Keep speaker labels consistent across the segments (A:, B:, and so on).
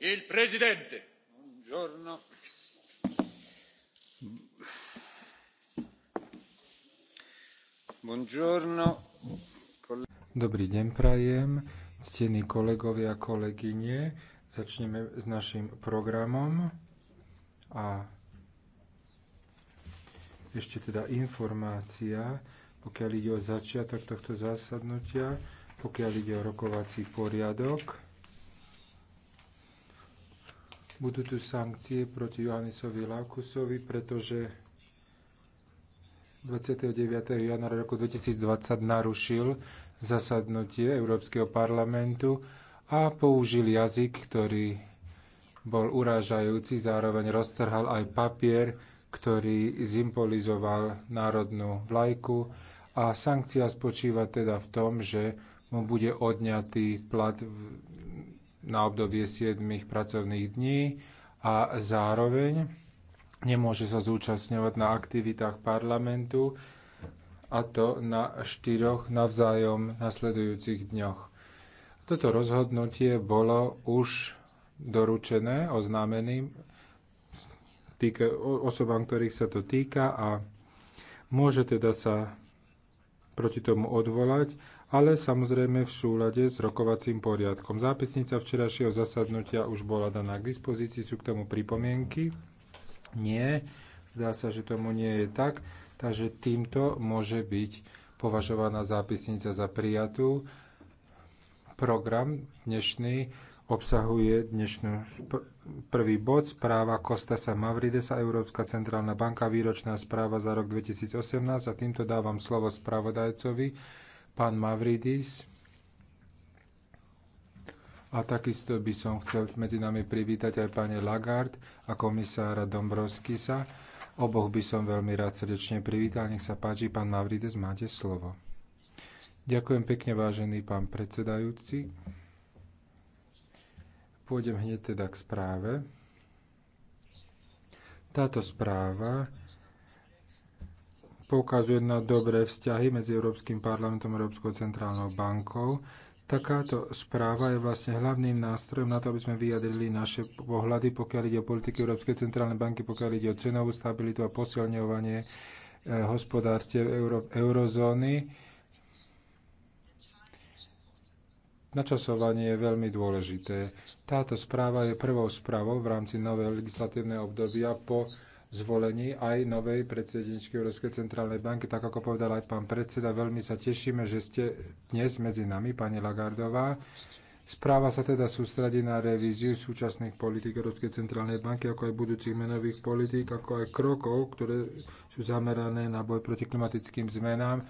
A: il presidente. Dobrý deň prajem, ctení kolegovia a kolegyne. Začneme s našim programom a ešte teda informácia, pokiaľ ide o začiatok tohto zásadnutia, pokiaľ ide o rokovací poriadok. Budú tu sankcie proti Johannisovi Lákusovi, pretože 29. januára roku 2020 narušil zasadnutie Európskeho parlamentu a použil jazyk, ktorý bol urážajúci, zároveň roztrhal aj papier, ktorý symbolizoval národnú vlajku a sankcia spočíva teda v tom, že mu bude odňatý plat v na obdobie 7 pracovných dní a zároveň nemôže sa zúčastňovať na aktivitách parlamentu a to na štyroch navzájom nasledujúcich dňoch. Toto rozhodnutie bolo už doručené oznámeným týka, osobám, ktorých sa to týka a môže teda sa proti tomu odvolať, ale samozrejme v súlade s rokovacím poriadkom. Zápisnica včerajšieho zasadnutia už bola daná k dispozícii, sú k tomu pripomienky? Nie, zdá sa, že tomu nie je tak, takže týmto môže byť považovaná zápisnica za prijatú. Program dnešný obsahuje dnešnú prvý bod správa Kostasa Mavridesa, Európska centrálna banka, výročná správa za rok 2018 a týmto dávam slovo spravodajcovi, pán Mavridis. A takisto by som chcel medzi nami privítať aj pani Lagarde a komisára Dombrovskisa. Oboch by som veľmi rád srdečne privítal. Nech sa páči, pán Mavrides, máte slovo. Ďakujem pekne, vážený pán predsedajúci. Pôjdem hneď teda k správe. Táto správa poukazuje na dobré vzťahy medzi Európskym parlamentom a Európskou centrálnou bankou. Takáto správa je vlastne hlavným nástrojom na to, aby sme vyjadrili naše pohľady, pokiaľ ide o politiky Európskej centrálnej banky, pokiaľ ide o cenovú stabilitu a posilňovanie eh, hospodárstiev euro, eurozóny Načasovanie je veľmi dôležité. Táto správa je prvou správou v rámci nového legislatívneho obdobia po zvolení aj novej predsedničky Európskej centrálnej banky. Tak ako povedal aj pán predseda, veľmi sa tešíme, že ste dnes medzi nami, pani Lagardová. Správa sa teda sústredí na revíziu súčasných politík Európskej centrálnej banky, ako aj budúcich menových politík, ako aj krokov, ktoré sú zamerané na boj proti klimatickým zmenám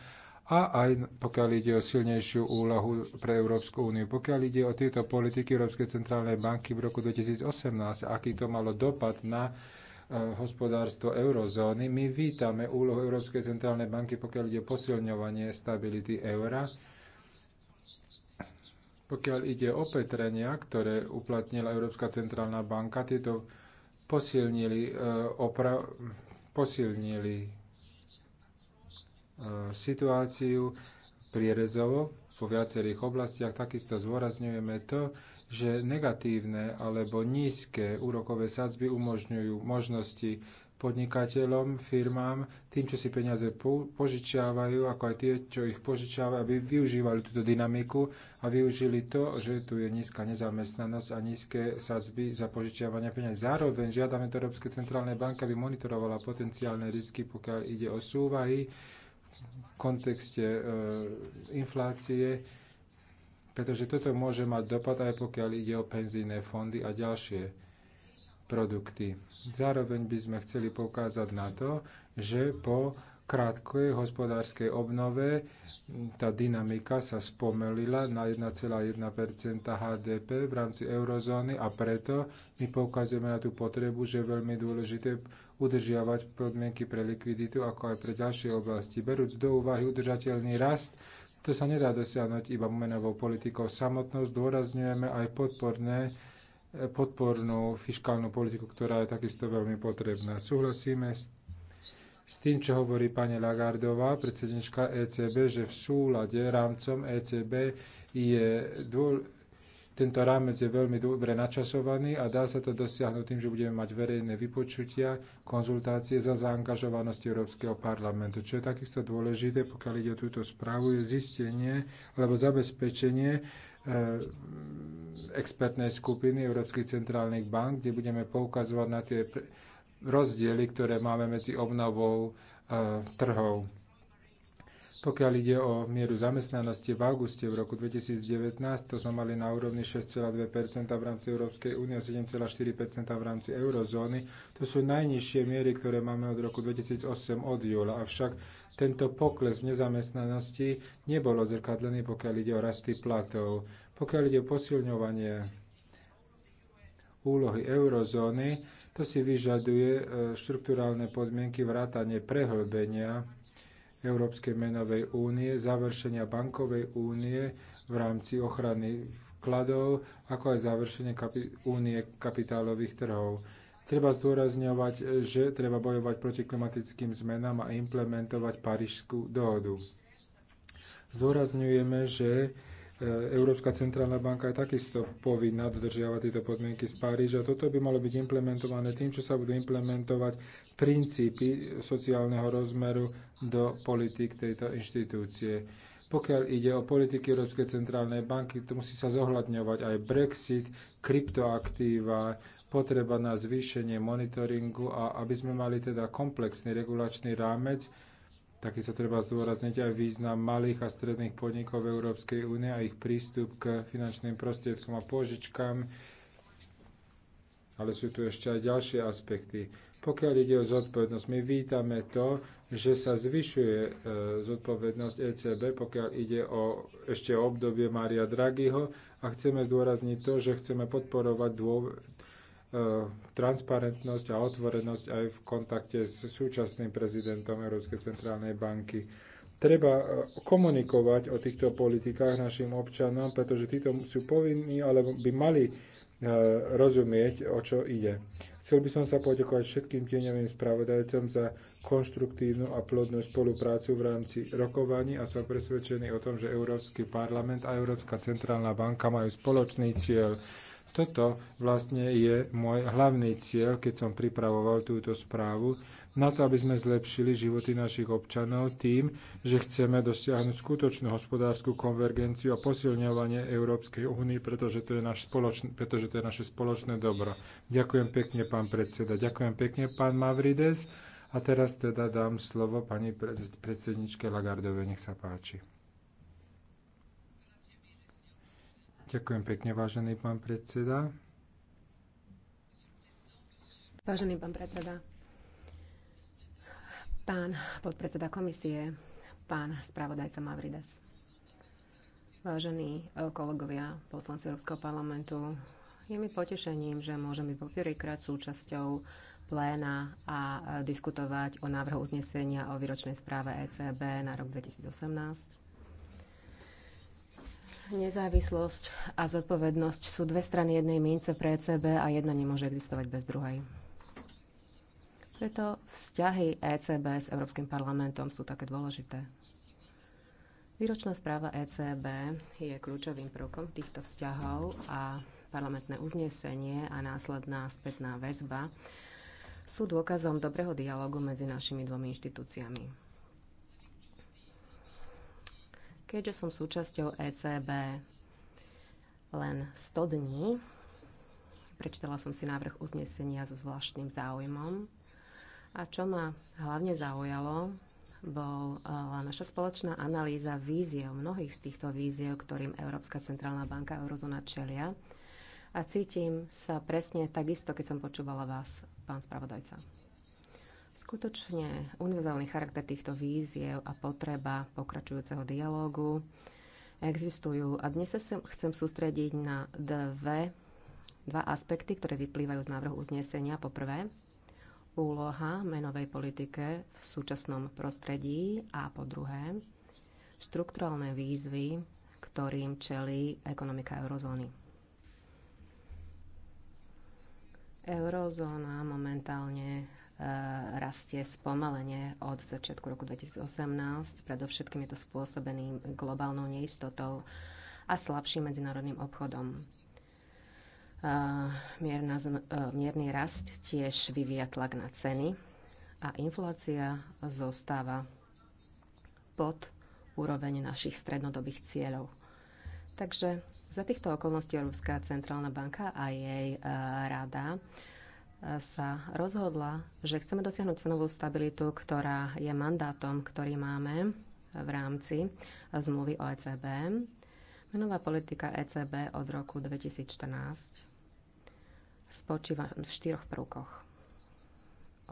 A: a aj pokiaľ ide o silnejšiu úlohu pre Európsku úniu. Pokiaľ ide o tieto politiky Európskej centrálnej banky v roku 2018, aký to malo dopad na e, hospodárstvo eurozóny. My vítame úlohu Európskej centrálnej banky, pokiaľ ide o posilňovanie stability eura. Pokiaľ ide o opetrenia, ktoré uplatnila Európska centrálna banka, tieto posilnili, e, opra- posilnili E, situáciu prierezovo vo viacerých oblastiach. Takisto zvorazňujeme to, že negatívne alebo nízke úrokové sadzby umožňujú možnosti podnikateľom, firmám, tým, čo si peniaze požičiavajú, ako aj tie, čo ich požičiavajú, aby využívali túto dynamiku a využili to, že tu je nízka nezamestnanosť a nízke sadzby za požičiavanie peniaz. Zároveň žiadame to Európskej centrálnej banky, aby monitorovala potenciálne risky, pokiaľ ide o súvahy, kontexte e, inflácie, pretože toto môže mať dopad aj pokiaľ ide o penzijné fondy a ďalšie produkty. Zároveň by sme chceli poukázať na to, že po krátkej hospodárskej obnove tá dynamika sa spomelila na 1,1 HDP v rámci eurozóny a preto my poukazujeme na tú potrebu, že je veľmi dôležité udržiavať podmienky pre likviditu, ako aj pre ďalšie oblasti. Berúc do úvahy udržateľný rast, to sa nedá dosiahnuť iba menovou politikou samotnou. Zdôrazňujeme aj podporné, eh, podpornú fiskálnu politiku, ktorá je takisto veľmi potrebná. Súhlasíme s, s tým, čo hovorí pani Lagardová, predsednička ECB, že v súlade rámcom ECB je dôležité tento rámec je veľmi dobre načasovaný a dá sa to dosiahnuť tým, že budeme mať verejné vypočutia, konzultácie za zaangažovanosť Európskeho parlamentu. Čo je takisto dôležité, pokiaľ ide o túto správu, je zistenie alebo zabezpečenie e, expertnej skupiny Európskych centrálnych bank, kde budeme poukazovať na tie rozdiely, ktoré máme medzi obnovou e, trhov. Pokiaľ ide o mieru zamestnanosti v auguste v roku 2019, to sme mali na úrovni 6,2 v rámci Európskej únie a 7,4 v rámci eurozóny. To sú najnižšie miery, ktoré máme od roku 2008 od júla. Avšak tento pokles v nezamestnanosti nebol odzrkadlený, pokiaľ ide o rasty platov. Pokiaľ ide o posilňovanie úlohy eurozóny, to si vyžaduje e, štruktúrálne podmienky vrátane prehlbenia Európskej menovej únie, završenia bankovej únie v rámci ochrany vkladov, ako aj završenie kapi- únie kapitálových trhov. Treba zdôrazňovať, že treba bojovať proti klimatickým zmenám a implementovať Parížskú dohodu. Zdôrazňujeme, že e, Európska centrálna banka je takisto povinná dodržiavať tieto podmienky z Paríža. Toto by malo byť implementované tým, čo sa budú implementovať princípy sociálneho rozmeru do politik tejto inštitúcie. Pokiaľ ide o politiky Európskej centrálnej banky, to musí sa zohľadňovať aj Brexit, kryptoaktíva, potreba na zvýšenie monitoringu a aby sme mali teda komplexný regulačný rámec, Takisto treba zdôrazniť aj význam malých a stredných podnikov Európskej únie a ich prístup k finančným prostriedkom a pôžičkám. Ale sú tu ešte aj ďalšie aspekty. Pokiaľ ide o zodpovednosť, my vítame to, že sa zvyšuje e, zodpovednosť ECB, pokiaľ ide o ešte o obdobie Mária Draghiho a chceme zdôrazniť to, že chceme podporovať e, transparentnosť a otvorenosť aj v kontakte s súčasným prezidentom Európskej centrálnej banky. Treba e, komunikovať o týchto politikách našim občanom, pretože títo sú povinní alebo by mali e, rozumieť, o čo ide. Chcel by som sa poďakovať všetkým tieňovým spravodajcom za konštruktívnu a plodnú spoluprácu v rámci rokovaní a som presvedčený o tom, že Európsky parlament a Európska centrálna banka majú spoločný cieľ. Toto vlastne je môj hlavný cieľ, keď som pripravoval túto správu na to, aby sme zlepšili životy našich občanov tým, že chceme dosiahnuť skutočnú hospodárskú konvergenciu a posilňovanie Európskej únie, pretože, to je naš spoločn- pretože to je naše spoločné dobro. Ďakujem pekne, pán predseda. Ďakujem pekne, pán Mavrides. A teraz teda dám slovo pani predsedničke Lagardovej. Nech sa páči. Ďakujem pekne, vážený pán predseda.
B: Vážený pán predseda, Pán podpredseda komisie, pán spravodajca Mavrides, vážení eh, kolegovia poslanci Európskeho parlamentu, je mi potešením, že môžem byť poprvýkrát súčasťou pléna a eh, diskutovať o návrhu uznesenia o výročnej správe ECB na rok 2018. Nezávislosť a zodpovednosť sú dve strany jednej mince pre ECB a jedna nemôže existovať bez druhej. Preto vzťahy ECB s Európskym parlamentom sú také dôležité. Výročná správa ECB je kľúčovým prvkom týchto vzťahov a parlamentné uznesenie a následná spätná väzba sú dôkazom dobrého dialogu medzi našimi dvomi inštitúciami. Keďže som súčasťou ECB len 100 dní, prečítala som si návrh uznesenia so zvláštnym záujmom a čo ma hlavne zaujalo, bola eh, naša spoločná analýza víziev, mnohých z týchto víziev, ktorým Európska centrálna banka a Eurozóna čelia. A cítim sa presne takisto, keď som počúvala vás, pán spravodajca. Skutočne univerzálny charakter týchto víziev a potreba pokračujúceho dialógu existujú. A dnes sa chcem sústrediť na dve, dva aspekty, ktoré vyplývajú z návrhu uznesenia. Poprvé, úloha menovej politike v súčasnom prostredí a po druhé štrukturálne výzvy, ktorým čelí ekonomika eurozóny. Eurozóna momentálne e, rastie spomalenie od začiatku roku 2018. Predovšetkým je to spôsobený globálnou neistotou a slabším medzinárodným obchodom mierna, e, mierny rast tiež vyvíja tlak na ceny a inflácia zostáva pod úroveň našich strednodobých cieľov. Takže za týchto okolností Európska centrálna banka a jej e, rada e, sa rozhodla, že chceme dosiahnuť cenovú stabilitu, ktorá je mandátom, ktorý máme v rámci zmluvy o ECB Menová politika ECB od roku 2014 spočíva v štyroch prvkoch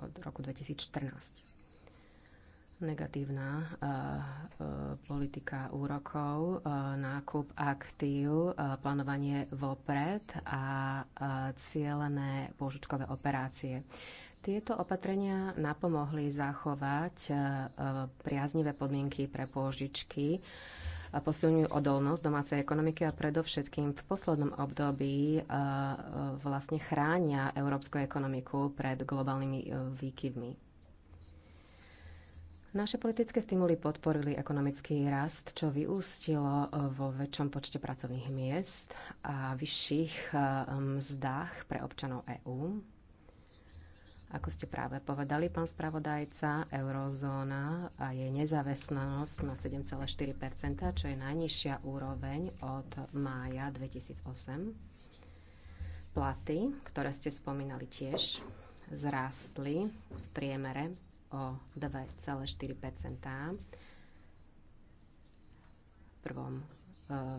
B: od roku 2014. Negatívna uh, uh, politika úrokov, uh, nákup aktív, plánovanie vopred a cielené pôžičkové operácie. Tieto opatrenia napomohli zachovať priaznivé podmienky pre pôžičky posilňujú odolnosť domácej ekonomiky a predovšetkým v poslednom období e, e, vlastne chránia európsku ekonomiku pred globálnymi e, výkyvmi. Naše politické stimuly podporili ekonomický rast, čo vyústilo vo väčšom počte pracovných miest a vyšších mzdách pre občanov EÚ. Ako ste práve povedali, pán spravodajca, eurozóna a jej nezavesnanosť má 7,4 čo je najnižšia úroveň od mája 2008. Platy, ktoré ste spomínali tiež, zrástli v priemere o 2,4 v prvom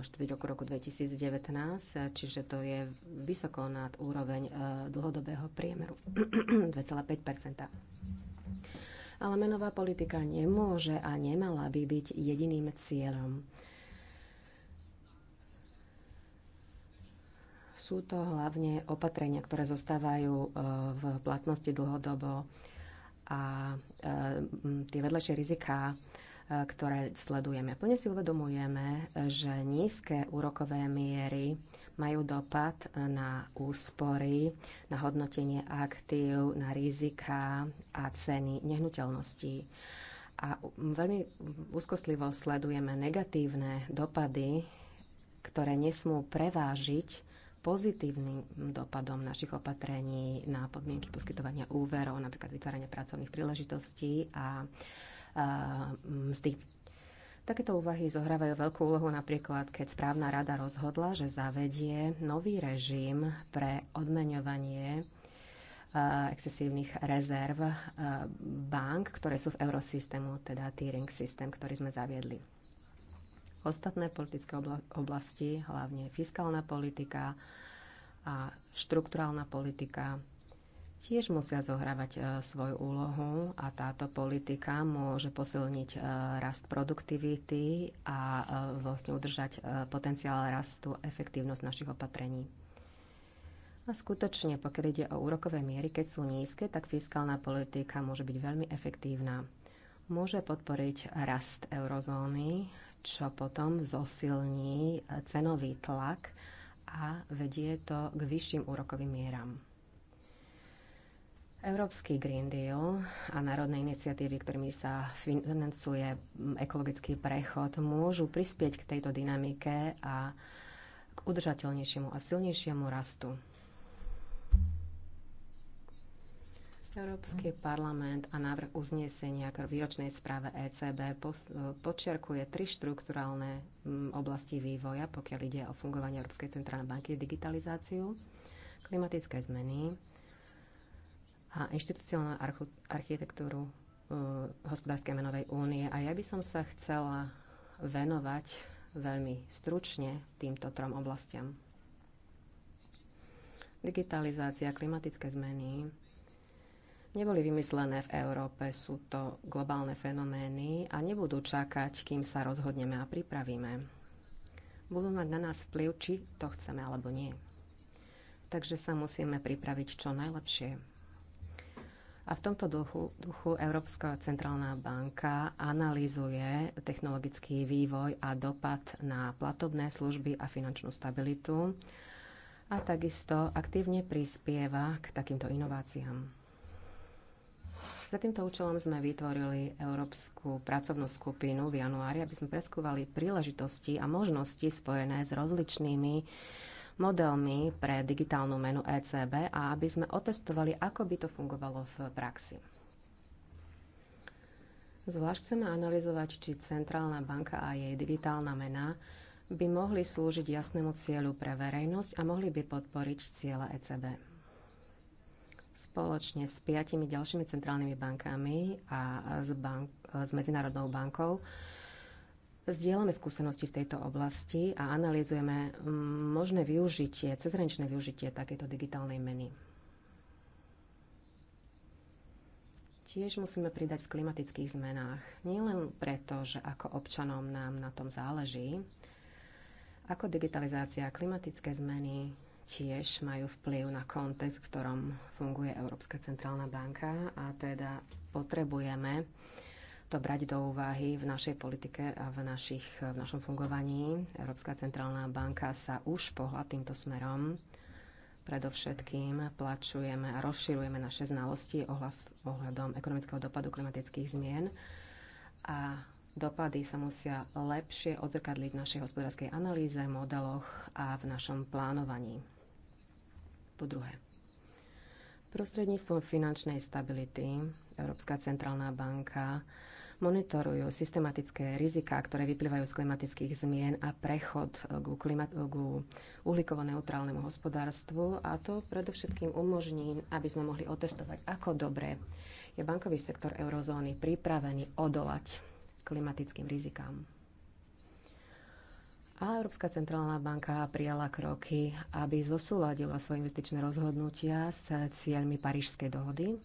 B: štvrť roku 2019, čiže to je vysoko nad úroveň e, dlhodobého priemeru 2,5 Ale menová politika nemôže a nemala by byť jediným cieľom. Sú to hlavne opatrenia, ktoré zostávajú e, v platnosti dlhodobo a e, tie vedľajšie riziká ktoré sledujeme. Plne si uvedomujeme, že nízke úrokové miery majú dopad na úspory, na hodnotenie aktív, na rizika a ceny nehnuteľností. A veľmi úzkostlivo sledujeme negatívne dopady, ktoré nesmú prevážiť pozitívnym dopadom našich opatrení na podmienky poskytovania úverov, napríklad vytvárania pracovných príležitostí a mzdy. Takéto úvahy zohrávajú veľkú úlohu napríklad, keď správna rada rozhodla, že zavedie nový režim pre odmeňovanie excesívnych rezerv bank, ktoré sú v eurosystému, teda tiering systém, ktorý sme zaviedli. Ostatné politické oblasti, hlavne fiskálna politika a štrukturálna politika, tiež musia zohrávať e, svoju úlohu a táto politika môže posilniť e, rast produktivity a e, vlastne udržať potenciál rastu efektívnosť našich opatrení. A skutočne, pokiaľ ide o úrokové miery, keď sú nízke, tak fiskálna politika môže byť veľmi efektívna. Môže podporiť rast eurozóny, čo potom zosilní cenový tlak a vedie to k vyšším úrokovým mieram. Európsky Green Deal a národné iniciatívy, ktorými sa financuje ekologický prechod, môžu prispieť k tejto dynamike a k udržateľnejšiemu a silnejšiemu rastu. Európsky parlament a návrh uznesenia k výročnej správe ECB podčiarkuje tri štruktúralné mm, oblasti vývoja, pokiaľ ide o fungovanie Európskej centrálnej banky, digitalizáciu, klimatické zmeny a inštitucionálnu architektúru e, hospodárskej menovej únie. A ja by som sa chcela venovať veľmi stručne týmto trom oblastiam. Digitalizácia, klimatické zmeny neboli vymyslené v Európe, sú to globálne fenomény a nebudú čakať, kým sa rozhodneme a pripravíme. Budú mať na nás vplyv, či to chceme alebo nie. Takže sa musíme pripraviť čo najlepšie. A v tomto duchu, duchu Európska centrálna banka analýzuje technologický vývoj a dopad na platobné služby a finančnú stabilitu a takisto aktívne prispieva k takýmto inováciám. Za týmto účelom sme vytvorili Európsku pracovnú skupinu v januári, aby sme preskúvali príležitosti a možnosti spojené s rozličnými modelmi pre digitálnu menu ECB a aby sme otestovali, ako by to fungovalo v praxi. Zvlášť chceme analyzovať, či centrálna banka a jej digitálna mena by mohli slúžiť jasnému cieľu pre verejnosť a mohli by podporiť cieľa ECB. Spoločne s piatimi ďalšími centrálnymi bankami a s, bank- s Medzinárodnou bankou Zdieľame skúsenosti v tejto oblasti a analýzujeme mm, možné využitie, cezhraničné využitie takéto digitálnej meny. Tiež musíme pridať v klimatických zmenách. Nielen preto, že ako občanom nám na tom záleží, ako digitalizácia a klimatické zmeny tiež majú vplyv na kontext, v ktorom funguje Európska centrálna banka a teda potrebujeme to brať do úvahy v našej politike a v, našich, v našom fungovaní. Európska centrálna banka sa už pohla týmto smerom. Predovšetkým plačujeme a rozširujeme naše znalosti ohlas, ohľadom ekonomického dopadu klimatických zmien a dopady sa musia lepšie odzrkadliť v našej hospodárskej analýze, modeloch a v našom plánovaní. Po druhé, Prostredníctvom finančnej stability Európska centrálna banka monitorujú systematické riziká, ktoré vyplývajú z klimatických zmien a prechod k, klimat- k uhlíkovo-neutrálnemu hospodárstvu a to predovšetkým umožní, aby sme mohli otestovať, ako dobre je bankový sektor eurozóny pripravený odolať klimatickým rizikám. A Európska centrálna banka prijala kroky, aby zosúladila svoje investičné rozhodnutia s cieľmi Parížskej dohody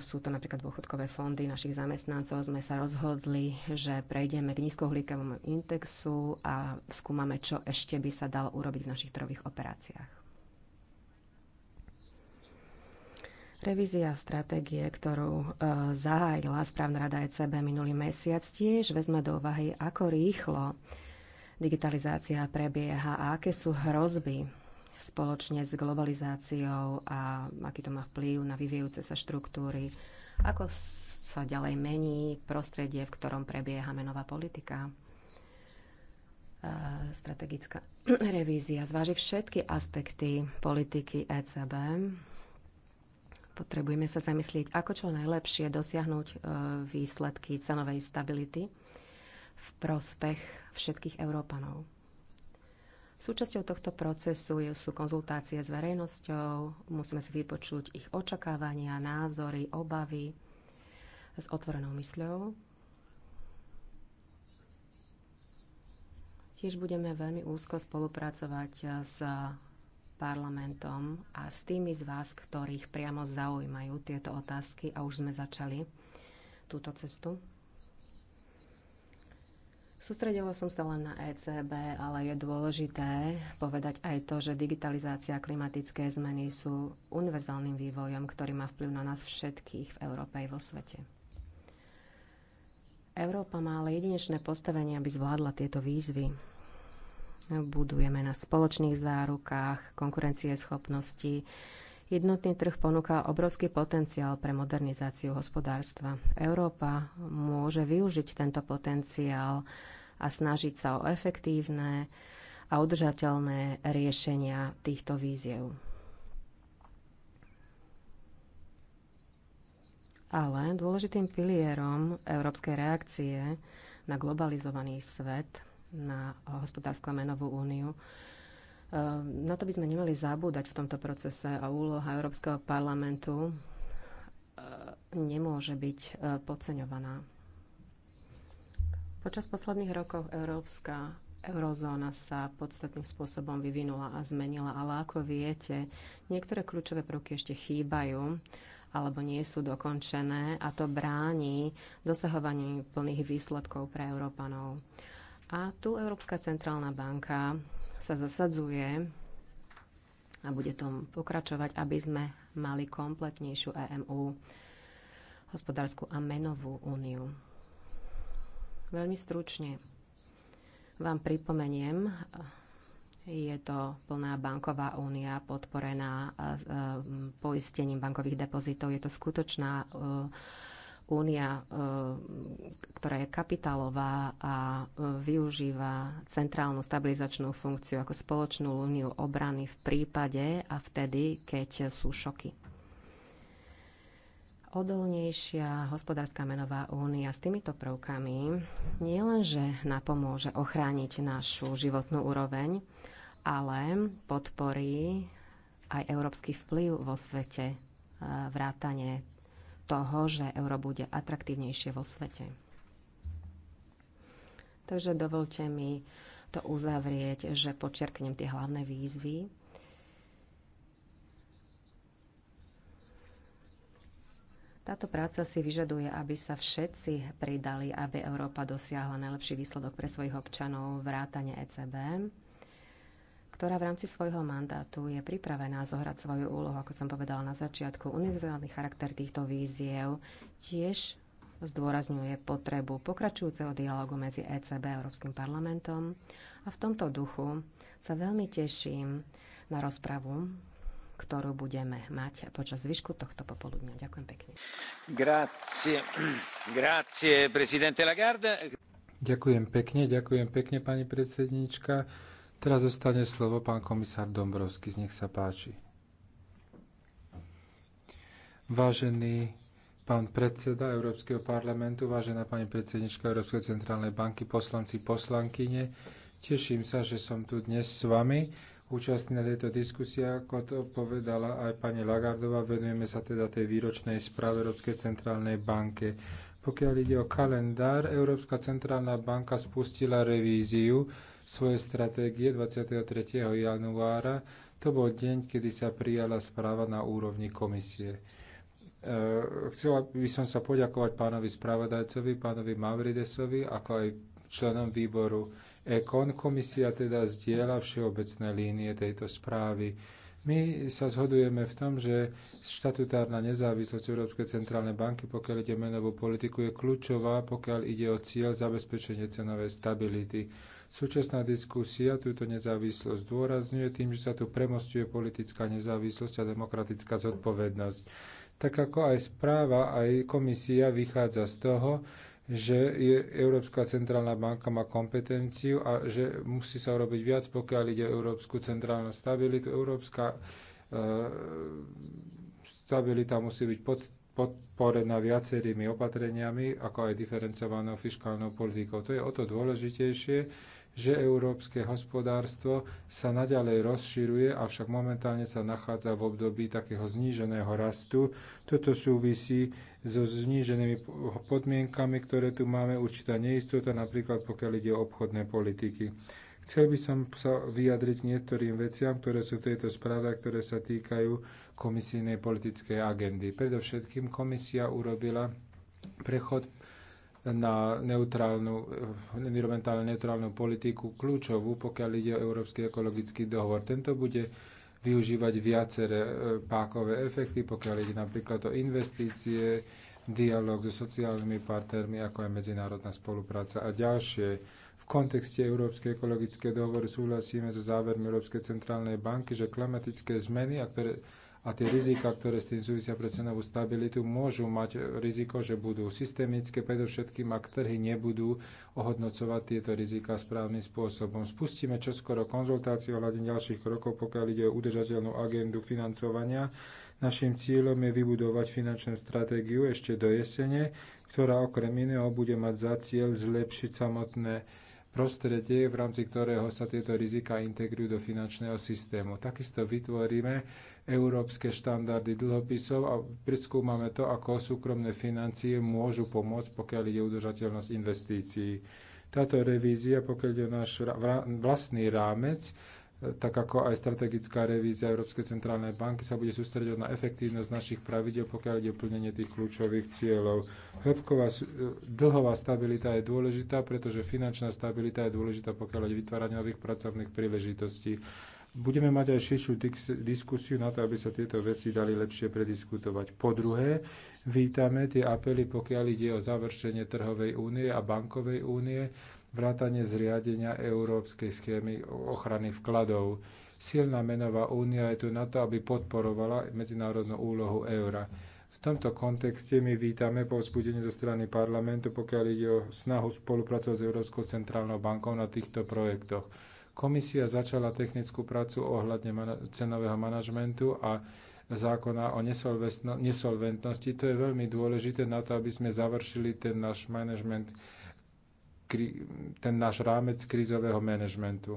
B: sú to napríklad dôchodkové fondy našich zamestnancov. Sme sa rozhodli, že prejdeme k nízkohlíkovému indexu a skúmame, čo ešte by sa dalo urobiť v našich trhových operáciách. Revízia stratégie, ktorú e, zahájila správna rada ECB minulý mesiac, tiež vezme do úvahy, ako rýchlo digitalizácia prebieha a aké sú hrozby spoločne s globalizáciou a aký to má vplyv na vyvíjajúce sa štruktúry, ako sa ďalej mení prostredie, v ktorom prebieha menová politika, strategická revízia. Zváži všetky aspekty politiky ECB. Potrebujeme sa zamyslieť, ako čo najlepšie dosiahnuť e, výsledky cenovej stability v prospech všetkých Európanov. Súčasťou tohto procesu sú konzultácie s verejnosťou, musíme si vypočuť ich očakávania, názory, obavy s otvorenou mysľou. Tiež budeme veľmi úzko spolupracovať s parlamentom a s tými z vás, ktorých priamo zaujímajú tieto otázky a už sme začali túto cestu. Sústredila som sa len na ECB, ale je dôležité povedať aj to, že digitalizácia a klimatické zmeny sú univerzálnym vývojom, ktorý má vplyv na nás všetkých v Európe aj vo svete. Európa má ale jedinečné postavenie, aby zvládla tieto výzvy. Budujeme na spoločných zárukách, konkurencie schopnosti Jednotný trh ponúka obrovský potenciál pre modernizáciu hospodárstva. Európa môže využiť tento potenciál a snažiť sa o efektívne a udržateľné riešenia týchto víziev. Ale dôležitým pilierom európskej reakcie na globalizovaný svet, na hospodárskú a menovú úniu, Ehm, na to by sme nemali zabúdať v tomto procese a úloha Európskeho parlamentu ehm, nemôže byť ehm, podceňovaná. Počas posledných rokov Európska eurozóna sa podstatným spôsobom vyvinula a zmenila, ale ako viete, niektoré kľúčové prvky ešte chýbajú alebo nie sú dokončené a to bráni dosahovaní plných výsledkov pre Európanov. A tu Európska centrálna banka sa zasadzuje a bude tom pokračovať, aby sme mali kompletnejšiu EMU, hospodárskú a menovú úniu. Veľmi stručne vám pripomeniem, je to plná banková únia podporená eh, poistením bankových depozitov. Je to skutočná eh, únia, e, ktorá je kapitálová a e, využíva centrálnu stabilizačnú funkciu ako spoločnú úniu obrany v prípade a vtedy, keď sú šoky. Odolnejšia hospodárska menová únia s týmito prvkami nielenže napomôže ochrániť našu životnú úroveň, ale podporí aj európsky vplyv vo svete, e, vrátane toho, že euro bude atraktívnejšie vo svete. Takže dovolte mi to uzavrieť, že počerknem tie hlavné výzvy. Táto práca si vyžaduje, aby sa všetci pridali, aby Európa dosiahla najlepší výsledok pre svojich občanov vrátane ECB ktorá v rámci svojho mandátu je pripravená zohrať svoju úlohu, ako som povedala na začiatku. Univerzálny charakter týchto víziev tiež zdôrazňuje potrebu pokračujúceho dialogu medzi ECB a Európskym parlamentom a v tomto duchu sa veľmi teším na rozpravu, ktorú budeme mať
A: počas zvyšku tohto popoludňa. Ďakujem pekne.
C: Grazie. Grazie, prezidente Lagarde.
A: Ďakujem pekne, ďakujem pekne, pani predsednička. Teraz zostane slovo pán komisár Dombrovský, z nech sa páči. Vážený pán predseda Európskeho parlamentu, vážená pani predsednička Európskej centrálnej banky, poslanci, poslankyne, teším sa, že som tu dnes s vami účastní na tejto diskusii, ako to povedala aj pani Lagardová, venujeme sa teda tej výročnej správe Európskej centrálnej banke. Pokiaľ ide o kalendár, Európska centrálna banka spustila revíziu svoje stratégie 23. januára. To bol deň, kedy sa prijala správa na úrovni komisie. E, chcela by som sa poďakovať pánovi spravodajcovi, pánovi Mavridesovi, ako aj členom výboru EKON. Komisia teda zdieľa všeobecné línie tejto správy my sa zhodujeme v tom, že štatutárna nezávislosť Európskej centrálnej banky, pokiaľ ide menovú politiku, je kľúčová, pokiaľ ide o cieľ zabezpečenie cenovej stability. Súčasná diskusia túto nezávislosť zdôrazňuje tým, že sa tu premostuje politická nezávislosť a demokratická zodpovednosť. Tak ako aj správa, aj komisia vychádza z toho, že Európska centrálna banka má kompetenciu a že musí sa urobiť viac, pokiaľ ide o Európsku centrálnu stabilitu. Európska e, stabilita musí byť pod, podporená viacerými opatreniami, ako aj diferencovanou fiskálnou politikou. To je o to dôležitejšie, že európske hospodárstvo sa naďalej rozširuje, avšak momentálne sa nachádza v období takého zníženého rastu. Toto súvisí so zníženými podmienkami, ktoré tu máme, určitá neistota, napríklad pokiaľ ide o obchodné politiky. Chcel by som sa vyjadriť niektorým veciam, ktoré sú v tejto správe, ktoré sa týkajú komisijnej politickej agendy. Predovšetkým komisia urobila prechod na neutrálnu, eh, environmentálne neutrálnu politiku kľúčovú, pokiaľ ide o Európsky ekologický dohovor. Tento bude využívať viaceré eh, pákové efekty, pokiaľ ide napríklad o investície, dialog so sociálnymi partnermi, ako aj medzinárodná spolupráca a ďalšie. V kontexte Európskej ekologické dohovory súhlasíme so závermi Európskej centrálnej banky, že klimatické zmeny, a ktoré a tie rizika, ktoré s tým súvisia pre cenovú stabilitu, môžu mať riziko, že budú systemické, predovšetkým ak trhy nebudú ohodnocovať tieto rizika správnym spôsobom. Spustíme čoskoro konzultáciu ohľadne ďalších krokov, pokiaľ ide o udržateľnú agendu financovania. Našim cieľom je vybudovať finančnú stratégiu ešte do jesene, ktorá okrem iného bude mať za cieľ zlepšiť samotné prostredie, v rámci ktorého sa tieto rizika integrujú do finančného systému. Takisto vytvoríme európske štandardy dlhopisov a preskúmame to, ako súkromné financie môžu pomôcť, pokiaľ ide udržateľnosť investícií. Táto revízia, pokiaľ ide o náš vlastný rámec, tak ako aj strategická revízia Európskej centrálnej banky sa bude sústrediť na efektívnosť našich pravidel, pokiaľ ide plnenie tých kľúčových cieľov. Hĺbková, e, dlhová stabilita je dôležitá, pretože finančná stabilita je dôležitá, pokiaľ ide vytváranie nových pracovných príležitostí. Budeme mať aj širšiu diskusiu na to, aby sa tieto veci dali lepšie prediskutovať. Po druhé, vítame tie apely, pokiaľ ide o završenie trhovej únie a bankovej únie vrátane zriadenia Európskej schémy ochrany vkladov. Silná menová únia je tu na to, aby podporovala medzinárodnú úlohu eura. V tomto kontexte my vítame povzbudenie zo strany parlamentu, pokiaľ ide o snahu spolupracovať s Európskou centrálnou bankou na týchto projektoch. Komisia začala technickú prácu ohľadne man- cenového manažmentu a zákona o nesolventnosti. To je veľmi dôležité na to, aby sme završili ten náš management ten náš rámec krízového manažmentu.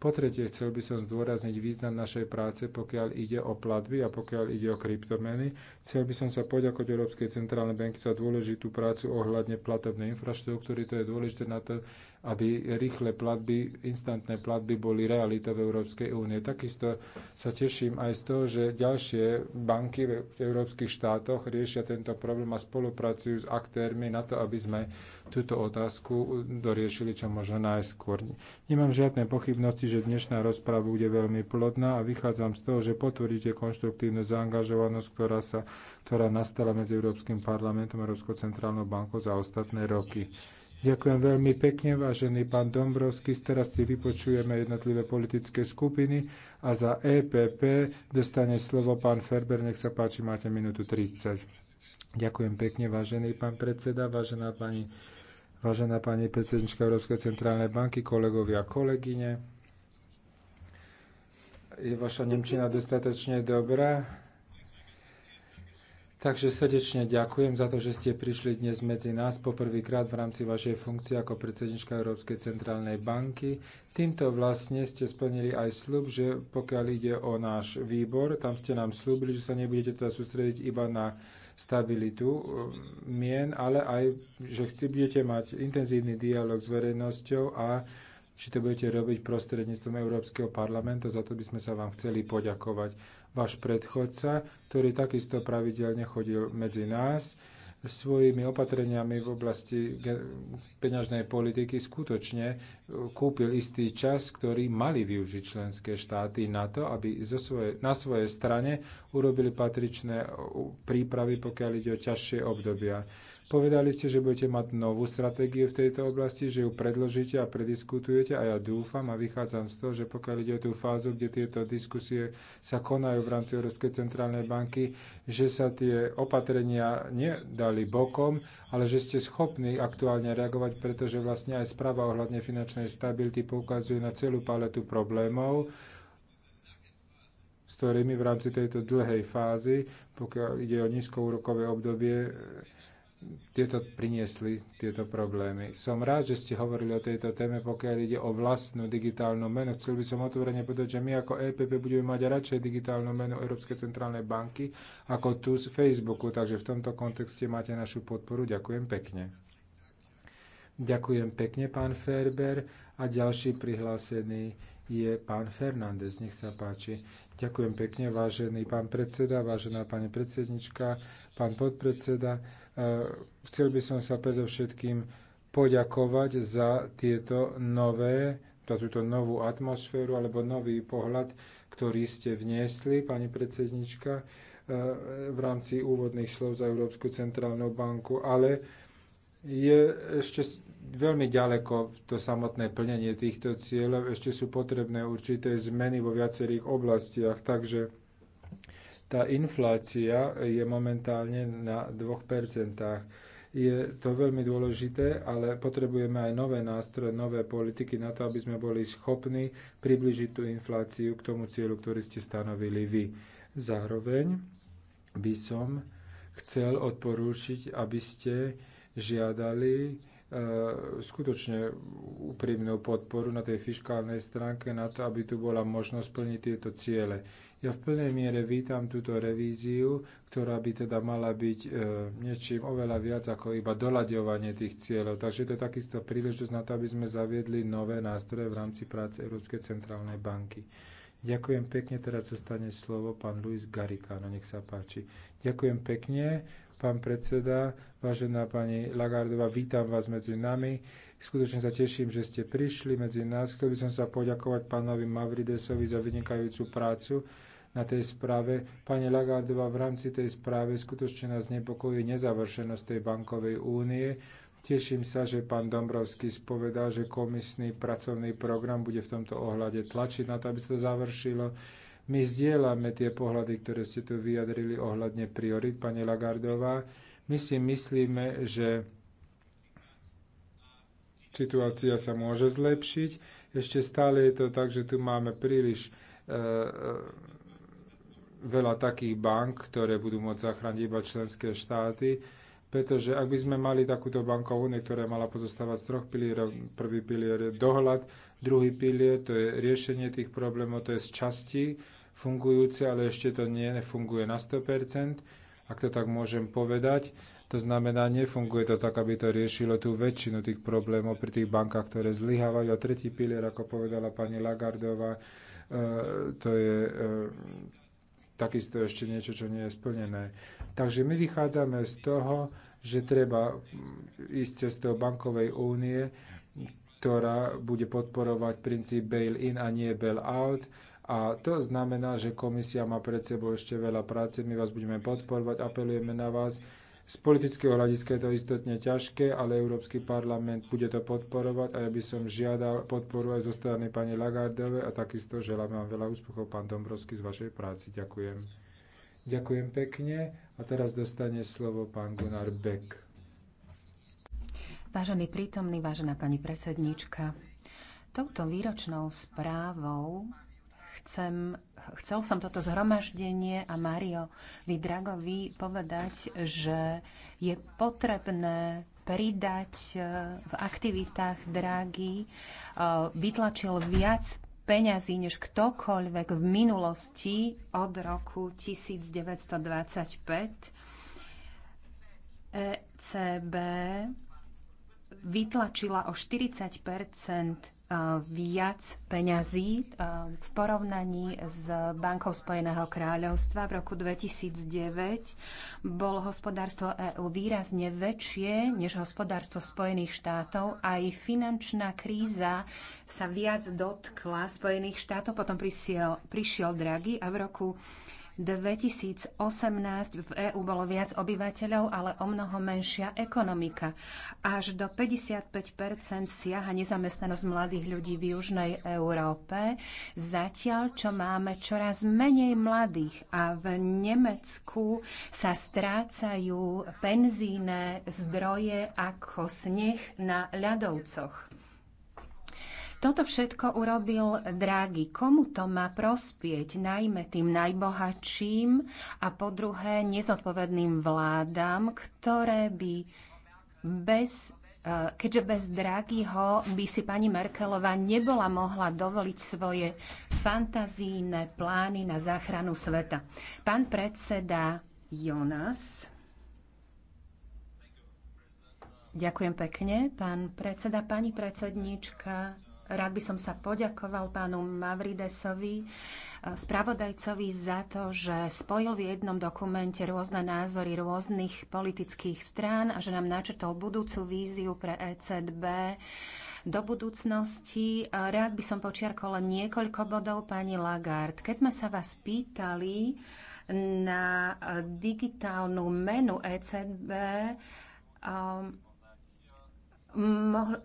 A: Po tretie, chcel by som zdôrazniť význam našej práce, pokiaľ ide o platby a pokiaľ ide o kryptomeny. Chcel by som sa poďakovať Európskej centrálnej banky za dôležitú prácu ohľadne platobnej infraštruktúry. To je dôležité na to, aby rýchle platby, instantné platby boli realitou v Európskej únie. Takisto sa teším aj z toho, že ďalšie banky v európskych štátoch riešia tento problém a spolupracujú s aktérmi na to, aby sme túto otázku doriešili čo možno najskôr. Nemám žiadne pochybnosti, že dnešná rozpráva bude veľmi plodná a vychádzam z toho, že potvrdíte konštruktívnu zaangažovanosť, ktorá, sa, ktorá nastala medzi Európskym parlamentom a Európskou centrálnou bankou za ostatné roky. Ďakujem veľmi pekne, Vážený pán Dombrovský, teraz si vypočujeme jednotlivé politické skupiny a za EPP dostane slovo pán Ferber. Nech sa páči, máte minútu 30. Ďakujem pekne, vážený pán predseda, vážená pani, vážená pani predsednička Európskej centrálnej banky, kolegovia a kolegyne. Je vaša Nemčina dostatočne dobrá? Takže srdečne ďakujem za to, že ste prišli dnes medzi nás poprvýkrát v rámci vašej funkcie ako predsednička Európskej centrálnej banky. Týmto vlastne ste splnili aj slub, že pokiaľ ide o náš výbor, tam ste nám slúbili, že sa nebudete teda sústrediť iba na stabilitu um, mien, ale aj, že chci, budete mať intenzívny dialog s verejnosťou a či to budete robiť prostredníctvom Európskeho parlamentu, za to by sme sa vám chceli poďakovať váš predchodca, ktorý takisto pravidelne chodil medzi nás, svojimi opatreniami v oblasti peňažnej politiky skutočne e, kúpil istý čas, ktorý mali využiť členské štáty na to, aby zo svoje, na svojej strane urobili patričné e, prípravy, pokiaľ ide o ťažšie obdobia. Povedali ste, že budete mať novú stratégiu v tejto oblasti, že ju predložíte a prediskutujete a ja dúfam a vychádzam z toho, že pokiaľ ide o tú fázu, kde tieto diskusie sa konajú v rámci Európskej centrálnej banky, že sa tie opatrenia nedali bokom, ale že ste schopní aktuálne reagovať, pretože vlastne aj správa ohľadne finančnej stability poukazuje na celú paletu problémov, s ktorými v rámci tejto dlhej fázy, pokiaľ ide o nízkoúrokové obdobie, tieto priniesli tieto problémy. Som rád, že ste hovorili o tejto téme, pokiaľ ide o vlastnú digitálnu menu. Chcel by som otvorene povedať, že my ako EPP budeme mať radšej digitálnu menu Európskej centrálnej banky ako tu z Facebooku, takže v tomto kontexte máte našu podporu. Ďakujem pekne. Ďakujem pekne, pán Ferber. A ďalší prihlásený je pán Fernández. Nech sa páči. Ďakujem pekne, vážený pán predseda, vážená pani predsednička, pán podpredseda Chcel by som sa predovšetkým poďakovať za tieto nové, za túto novú atmosféru alebo nový pohľad, ktorý ste vniesli, pani predsednička, e, v rámci úvodných slov za Európsku centrálnu banku, ale je ešte veľmi ďaleko to samotné plnenie týchto cieľov. Ešte sú potrebné určité zmeny vo viacerých oblastiach, takže tá inflácia je momentálne na 2% je to veľmi dôležité, ale potrebujeme aj nové nástroje, nové politiky na to, aby sme boli schopní približiť tú infláciu k tomu cieľu, ktorý ste stanovili vy. Zároveň by som chcel odporúčiť, aby ste žiadali E, skutočne úprimnú podporu na tej fiskálnej stránke na to, aby tu bola možnosť plniť tieto ciele. Ja v plnej miere vítam túto revíziu, ktorá by teda mala byť e, niečím oveľa viac ako iba doľadiovanie tých cieľov. Takže to je takisto príležitosť na to, aby sme zaviedli nové nástroje v rámci práce Európskej centrálnej banky. Ďakujem pekne, teraz zostane slovo pán Luis Garicano, nech sa páči. Ďakujem pekne pán predseda, vážená pani Lagardová, vítam vás medzi nami. Skutočne sa teším, že ste prišli medzi nás. Chcel by som sa poďakovať pánovi Mavridesovi za vynikajúcu prácu na tej správe. Pani Lagardová, v rámci tej správe skutočne nás nepokojí nezavršenosť tej bankovej únie. Teším sa, že pán Dombrovský spovedal, že komisný pracovný program bude v tomto ohľade tlačiť na to, aby sa to završilo my zdieľame tie pohľady, ktoré ste tu vyjadrili ohľadne priorit, pani Lagardová. My si myslíme, že situácia sa môže zlepšiť. Ešte stále je to tak, že tu máme príliš e, e, veľa takých bank, ktoré budú môcť zachrániť iba členské štáty, pretože ak by sme mali takúto bankovú úniu, ktorá mala pozostávať z troch pilierov, prvý pilier je dohľad, druhý pilier to je riešenie tých problémov, to je z časti fungujúce, ale ešte to nie nefunguje na 100%, ak to tak môžem povedať. To znamená, nefunguje to tak, aby to riešilo tú väčšinu tých problémov pri tých bankách, ktoré zlyhávajú. A tretí pilier, ako povedala pani Lagardová, e, to je e, takisto ešte niečo, čo nie je splnené. Takže my vychádzame z toho, že treba ísť cez toho bankovej únie, ktorá bude podporovať princíp bail-in a nie bail-out a to znamená, že komisia má pred sebou ešte veľa práce, my vás budeme podporovať, apelujeme na vás. Z politického hľadiska je to istotne ťažké, ale Európsky parlament bude to podporovať a ja by som žiadal podporu aj zo strany pani Lagardovej a takisto želám vám veľa úspechov, pán Dombrovský, z vašej práci. Ďakujem. Ďakujem pekne a teraz dostane slovo pán Gunnar Beck.
D: Vážený prítomný, vážená pani predsedníčka, touto výročnou správou chcem, chcel som toto zhromaždenie a Mario Vidragovi povedať, že je potrebné pridať e, v aktivitách Draghi. E, vytlačil viac peňazí než ktokoľvek v minulosti od roku 1925. ECB vytlačila o 40 viac peňazí v porovnaní s Bankou Spojeného kráľovstva. V roku 2009 bolo hospodárstvo EÚ výrazne väčšie než hospodárstvo Spojených štátov. Aj finančná kríza sa viac dotkla Spojených štátov, potom prišiel, prišiel Draghi a v roku 2018 v EÚ bolo viac obyvateľov, ale o mnoho menšia ekonomika. Až do 55 siaha nezamestnanosť mladých ľudí v Južnej Európe, zatiaľ čo máme čoraz menej mladých a v Nemecku sa strácajú penzíne zdroje ako sneh na ľadovcoch. Toto všetko urobil drági, Komu to má prospieť? Najmä tým najbohatším a po druhé nezodpovedným vládam, ktoré by bez e, keďže bez Draghiho by si pani Merkelová nebola mohla dovoliť svoje fantazíne plány na záchranu sveta. Pán predseda Jonas. Ďakujem pekne, pán predseda, pani predsednička. Rád by som sa poďakoval pánu Mavridesovi, e, spravodajcovi za to, že spojil v jednom dokumente rôzne názory rôznych politických strán a že nám načrtol budúcu víziu pre ECB do budúcnosti. E, rád by som počiarkol len niekoľko bodov, pani Lagarde. Keď sme sa vás pýtali na e, digitálnu menu ECB, um, mohli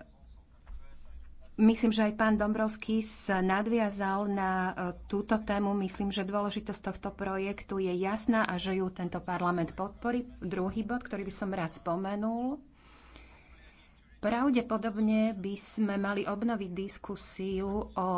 D: Myslím, že aj pán Dombrovský sa nadviazal na e, túto tému. Myslím, že dôležitosť tohto projektu je jasná a že ju tento parlament podporí. Druhý bod, ktorý by som rád spomenul. Pravdepodobne by sme mali obnoviť diskusiu o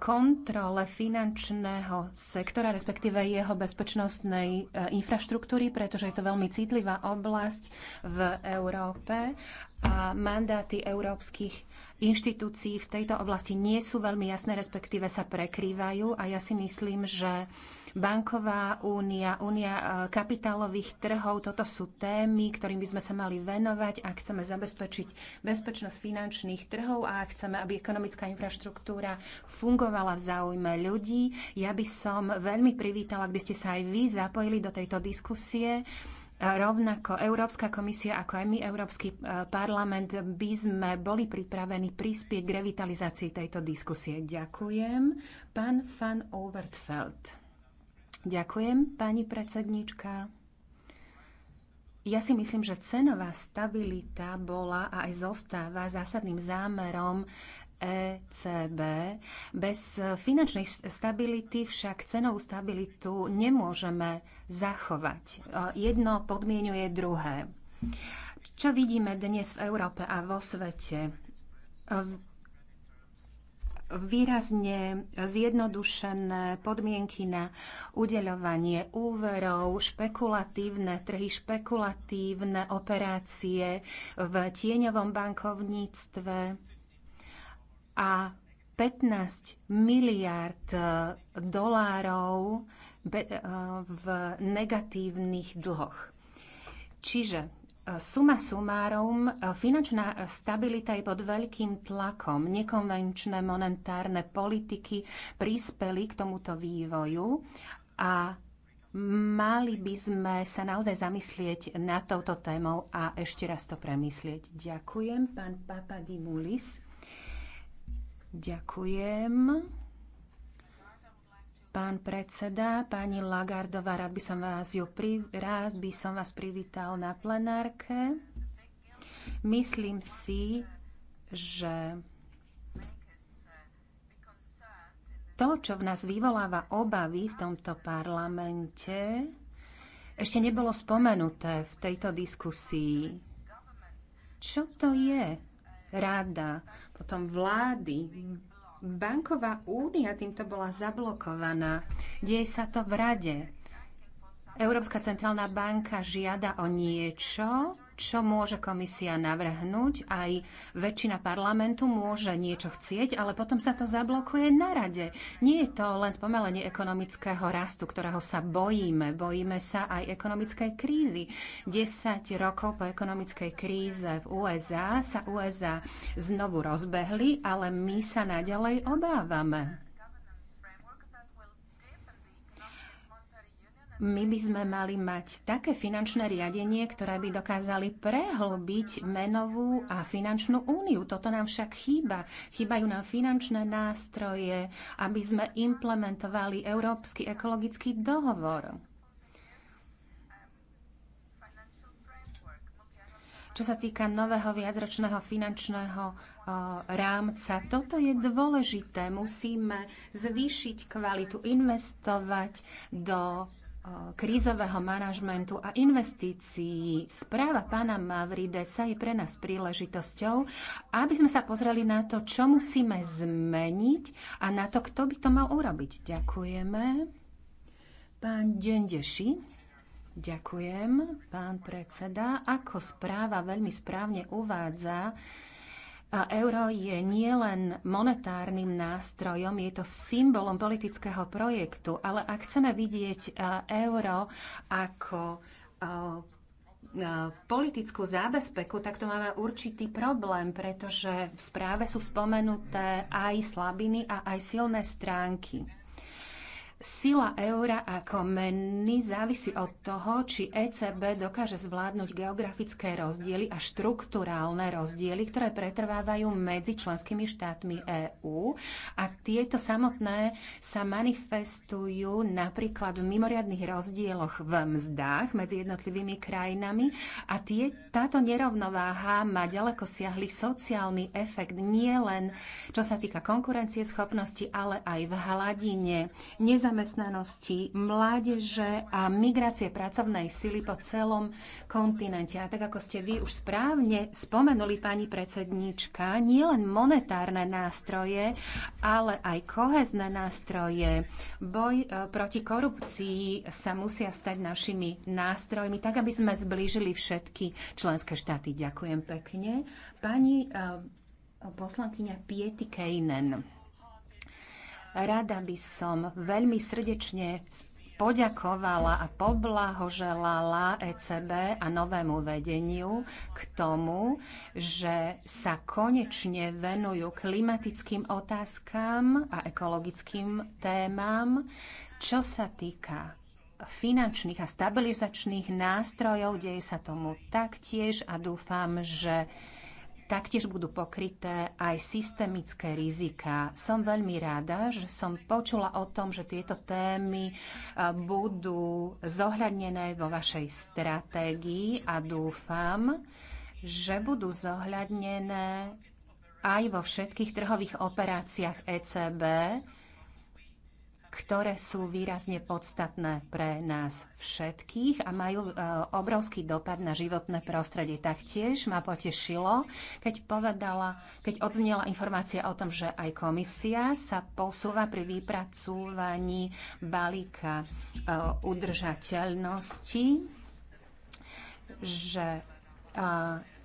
D: kontrole finančného sektora, respektíve jeho bezpečnostnej e, infraštruktúry, pretože je to veľmi citlivá oblasť v Európe a mandáty európskych inštitúcií v tejto oblasti nie sú veľmi jasné, respektíve sa prekrývajú a ja si myslím, že banková únia, únia e, kapitálových trhov, toto sú témy, ktorým by sme sa mali venovať, ak chceme zabezpečiť bezpečnosť finančných trhov a ak chceme, aby ekonomická infraštruktúra fungovala v záujme ľudí. Ja by som veľmi privítala, ak by ste sa aj vy zapojili do tejto diskusie Rovnako Európska komisia, ako aj my, Európsky e, parlament, by sme boli pripravení prispieť k revitalizácii tejto diskusie. Ďakujem. Pán Van Overtfeld. Ďakujem, pani predsednička. Ja si myslím, že cenová stabilita bola a aj zostáva zásadným zámerom ECB. Bez finančnej stability však cenovú stabilitu nemôžeme zachovať. E, jedno podmienuje druhé. Čo vidíme dnes v Európe a vo svete? E, výrazne zjednodušené podmienky na udeľovanie úverov, špekulatívne trhy, špekulatívne operácie v tieňovom bankovníctve a 15 miliard e, dolárov e, v negatívnych dlhoch. Čiže e, Suma sumárom, finančná stabilita je pod veľkým tlakom. Nekonvenčné monetárne politiky prispeli k tomuto vývoju a mali by sme sa naozaj zamyslieť nad touto témou a ešte raz to premyslieť. Ďakujem, pán Papadimulis. Ďakujem. Pán predseda, pani Lagardová, rád by som vás, ju pri, rád by som vás privítal na plenárke. Myslím si, že to, čo v nás vyvoláva obavy v tomto parlamente, ešte nebolo spomenuté v tejto diskusii. Čo to je? rada, potom vlády. Banková únia týmto bola zablokovaná. Deje sa to v rade. Európska centrálna banka žiada o niečo, čo môže komisia navrhnúť. Aj väčšina parlamentu môže niečo chcieť, ale potom sa to zablokuje na rade. Nie je to len spomalenie ekonomického rastu, ktorého sa bojíme. Bojíme sa aj ekonomickej krízy. 10 rokov po ekonomickej kríze v USA sa USA znovu rozbehli, ale my sa naďalej obávame. my by sme mali mať také finančné riadenie, ktoré by dokázali prehlbiť menovú a finančnú úniu. Toto nám však chýba. Chýbajú nám finančné nástroje, aby sme implementovali Európsky ekologický dohovor. Čo sa týka nového viacročného finančného rámca, toto je dôležité. Musíme zvýšiť kvalitu, investovať do krízového manažmentu a investícií. Správa pána Mavridesa je pre nás príležitosťou, aby sme sa pozreli na to, čo musíme zmeniť a na to, kto by to mal urobiť. Ďakujeme. Pán Dendeši. Ďakujem, pán predseda. Ako správa veľmi správne uvádza, a euro je nielen monetárnym nástrojom, je to symbolom politického projektu, ale ak chceme vidieť e, euro ako e, e, politickú zábezpeku, tak to máme určitý problém, pretože v správe sú spomenuté aj slabiny a aj silné stránky. Sila eura ako meny závisí od toho, či ECB dokáže zvládnuť geografické rozdiely a štruktúrálne rozdiely, ktoré pretrvávajú medzi členskými štátmi EÚ. A tieto samotné sa manifestujú napríklad v mimoriadných rozdieloch v mzdách medzi jednotlivými krajinami. A tie, táto nerovnováha má ďaleko siahly sociálny efekt nie len čo sa týka konkurencie schopnosti, ale aj v hladine nezamestnanosti nezamestnanosti, mládeže a migrácie pracovnej sily po celom kontinente. A tak ako ste vy už správne spomenuli, pani predsednička, nielen monetárne nástroje, ale aj kohezné nástroje, boj e, proti korupcii sa musia stať našimi nástrojmi, tak aby sme zblížili všetky členské štáty. Ďakujem pekne. Pani e, poslankyňa Pieti Kejnen. Rada by som veľmi srdečne poďakovala a poblahoželala ECB a novému vedeniu k tomu, že sa konečne venujú klimatickým otázkam a ekologickým témam. Čo sa týka finančných a stabilizačných nástrojov, deje sa tomu taktiež a dúfam, že Taktiež budú pokryté aj systemické rizika. Som veľmi rada, že som počula o tom, že tieto témy e, budú zohľadnené vo vašej stratégii a dúfam, že budú zohľadnené aj vo všetkých trhových operáciách ECB, ktoré sú výrazne podstatné pre nás všetkých a majú e, obrovský dopad na životné prostredie. Taktiež ma potešilo, keď povedala, keď odzniela informácia o tom, že aj komisia sa posúva pri vypracúvaní balíka e, udržateľnosti, že e,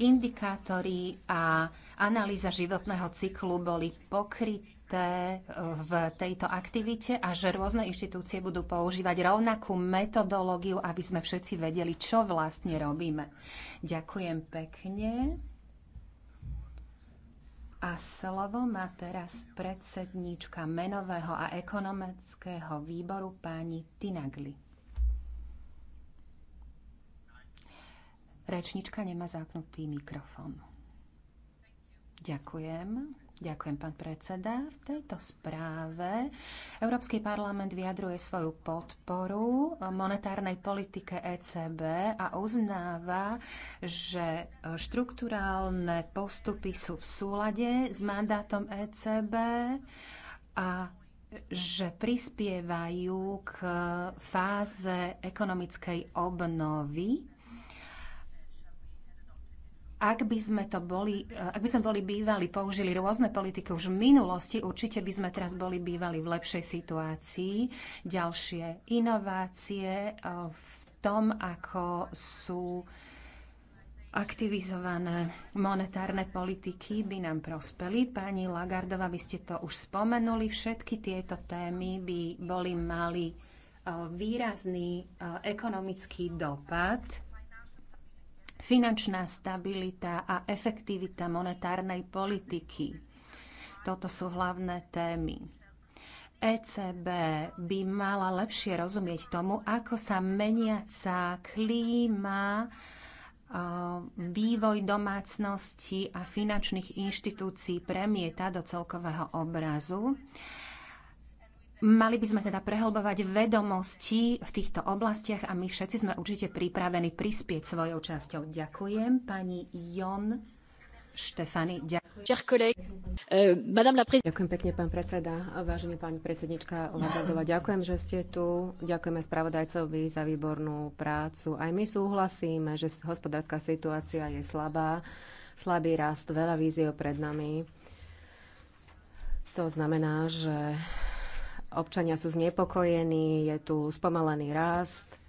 D: indikátory a analýza životného cyklu boli pokryté dôležité eh, v tejto aktivite a že rôzne inštitúcie budú používať rovnakú metodológiu, aby sme všetci vedeli, čo vlastne robíme. Ďakujem pekne. A slovo má teraz predsedníčka menového a ekonomického výboru pani Tinagli. Rečnička nemá zapnutý mikrofón. Ďakujem. Ďakujem, pán predseda. V tejto správe Európsky parlament vyjadruje svoju podporu monetárnej politike ECB a uznáva, že štruktúrálne postupy sú v súlade s mandátom ECB a že prispievajú k fáze ekonomickej obnovy ak by sme to boli, eh, ak by sme boli bývali, použili rôzne politiky už v minulosti, určite by sme teraz boli bývali v lepšej situácii. Ďalšie inovácie eh, v tom, ako sú aktivizované monetárne politiky by nám prospeli. Pani Lagardova, vy ste to už spomenuli, všetky tieto témy by boli mali eh, výrazný ekonomický dopad finančná stabilita a efektivita monetárnej politiky. Toto sú hlavné témy. ECB by mala lepšie rozumieť tomu, ako sa meniaca klíma, vývoj domácnosti a finančných inštitúcií premieta do celkového obrazu Mali by sme teda prehlbovať vedomosti v týchto oblastiach a my všetci sme určite pripravení prispieť svojou časťou. Ďakujem pani Jon Štefany. Ďakujem. Euh, ďakujem pekne, pán predseda. Vážený pani
B: predsednička Labradová, ďakujem, že ste tu. Ďakujeme spravodajcovi za výbornú prácu. Aj my súhlasíme, že hospodárska situácia je slabá, slabý rast, veľa víziev pred nami. To znamená, že Občania sú znepokojení, je tu spomalený rast,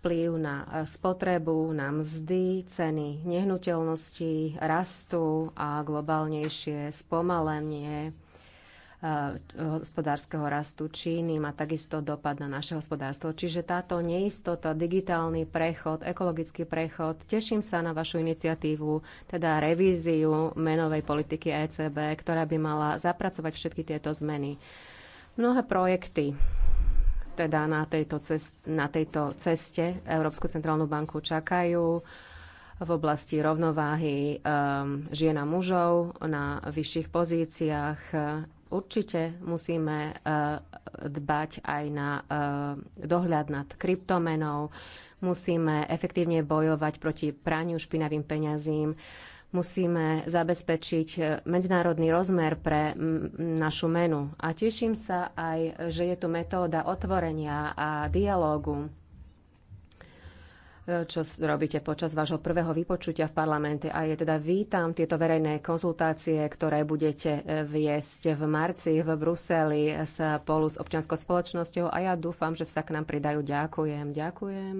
B: vplyv na e, spotrebu, na mzdy, ceny nehnuteľnosti, rastu a globálnejšie spomalenie e, hospodárskeho rastu Číny má takisto dopad na naše hospodárstvo. Čiže táto neistota, digitálny prechod, ekologický prechod, teším sa na vašu iniciatívu, teda revíziu menovej politiky ECB, ktorá by mala zapracovať všetky tieto zmeny. Mnohé projekty teda na tejto, cest, na tejto ceste Európsku centrálnu banku čakajú v oblasti rovnováhy um, žien a mužov na vyšších pozíciách. Určite musíme uh, dbať aj na uh, dohľad nad kryptomenou, musíme efektívne bojovať proti praniu špinavým peňazím. Uh, Musíme zabezpečiť e, medzinárodný rozmer pre našu menu. A teším sa aj, že je tu metóda otvorenia a dialógu e, čo robíte počas vášho prvého vypočutia v parlamente. A je teda vítam tieto verejné konzultácie, ktoré budete e, viesť v marci v Bruseli spolu s občianskou spoločnosťou a ja dúfam, že sa k nám pridajú. Ďakujem, ďakujem.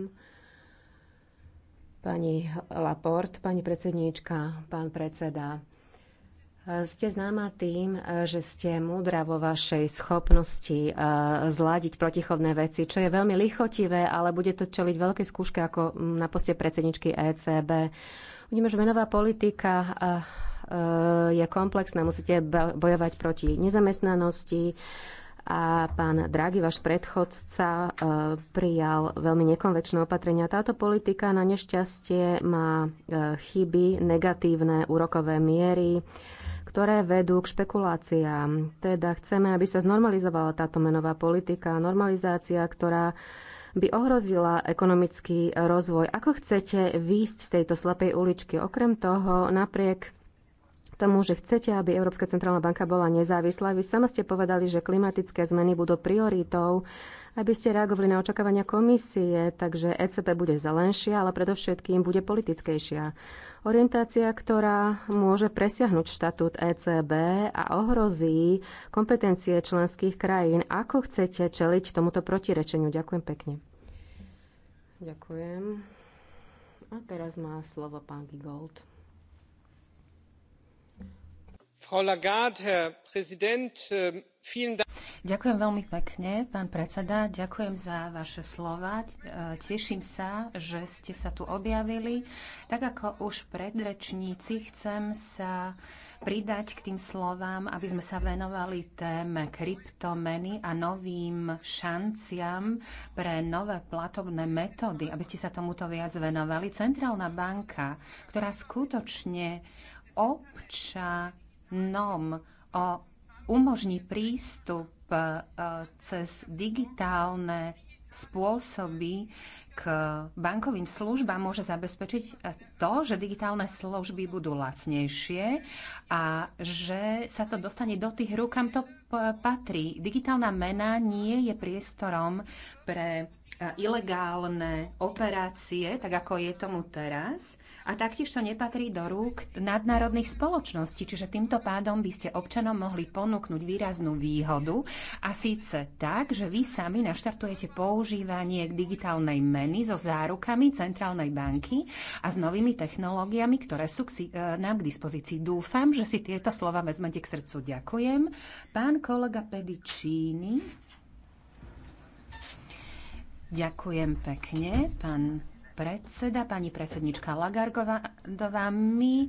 B: Pani Laport, pani predsedníčka, pán predseda, ste známa tým, že ste múdra vo vašej schopnosti eh, zladiť protichodné veci, čo je veľmi lichotivé, ale bude to čeliť veľkej skúške ako mm, na poste predsedničky ECB. Vidíme, že menová politika eh, eh, je komplexná, musíte bojovať proti nezamestnanosti, a pán Draghi, váš predchodca, e, prijal veľmi nekonvečné opatrenia. Táto politika na nešťastie má e, chyby, negatívne úrokové miery, ktoré vedú k špekuláciám. Teda chceme, aby sa znormalizovala táto menová politika, normalizácia, ktorá by ohrozila ekonomický rozvoj. Ako chcete výjsť z tejto slepej uličky? Okrem toho, napriek tomu, že chcete, aby Európska centrálna banka bola nezávislá. Vy sama ste povedali, že klimatické zmeny budú prioritou, aby ste reagovali na očakávania komisie, takže ECB bude zelenšia, ale predovšetkým bude politickejšia. Orientácia, ktorá môže presiahnuť štatút ECB a ohrozí kompetencie členských krajín. Ako chcete čeliť tomuto protirečeniu? Ďakujem pekne. Ďakujem. A teraz má slovo pán Gigold.
A: Äh,
D: Ďakujem veľmi pekne, pán predseda. Ďakujem za vaše slova. E, teším sa, že ste sa tu objavili. Tak ako už predrečníci, chcem sa pridať k tým slovám, aby sme sa venovali téme kryptomeny a novým šanciam pre nové platobné metódy, aby ste sa tomuto viac venovali. Centrálna banka, ktorá skutočne obča NOM o umožní prístup e, cez digitálne spôsoby k bankovým službám môže zabezpečiť to, že digitálne služby budú lacnejšie a že sa to dostane do tých rúk, kam to patrí. Digitálna mena nie je priestorom pre E, ilegálne operácie, tak ako je tomu teraz. A taktiež to nepatrí do rúk nadnárodných spoločností, čiže týmto pádom by ste občanom mohli ponúknuť výraznú výhodu. A síce tak, že vy sami naštartujete používanie digitálnej meny so zárukami Centrálnej banky a s novými technológiami, ktoré sú e, nám k dispozícii. Dúfam, že si tieto slova vezmete k srdcu. Ďakujem. Pán kolega Pedicini. Ďakujem pekne, pán predseda, pani predsednička Lagargová. My eh,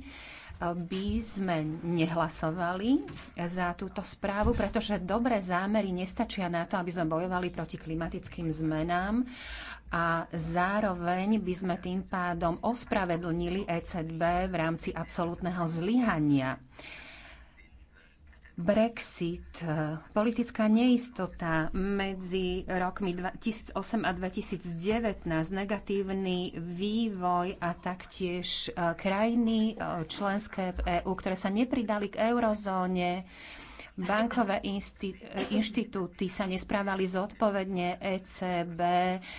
D: by sme nehlasovali za túto správu, pretože dobré zámery nestačia na to, aby sme bojovali proti klimatickým zmenám a zároveň by sme tým pádom ospravedlnili ECB v rámci absolútneho zlyhania. Brexit, eh, politická neistota medzi rokmi 2008 a 2019, negatívny vývoj a taktiež eh, krajiny eh, členské v EÚ, ktoré sa nepridali k eurozóne, bankové inštitúty sa nesprávali zodpovedne, ECB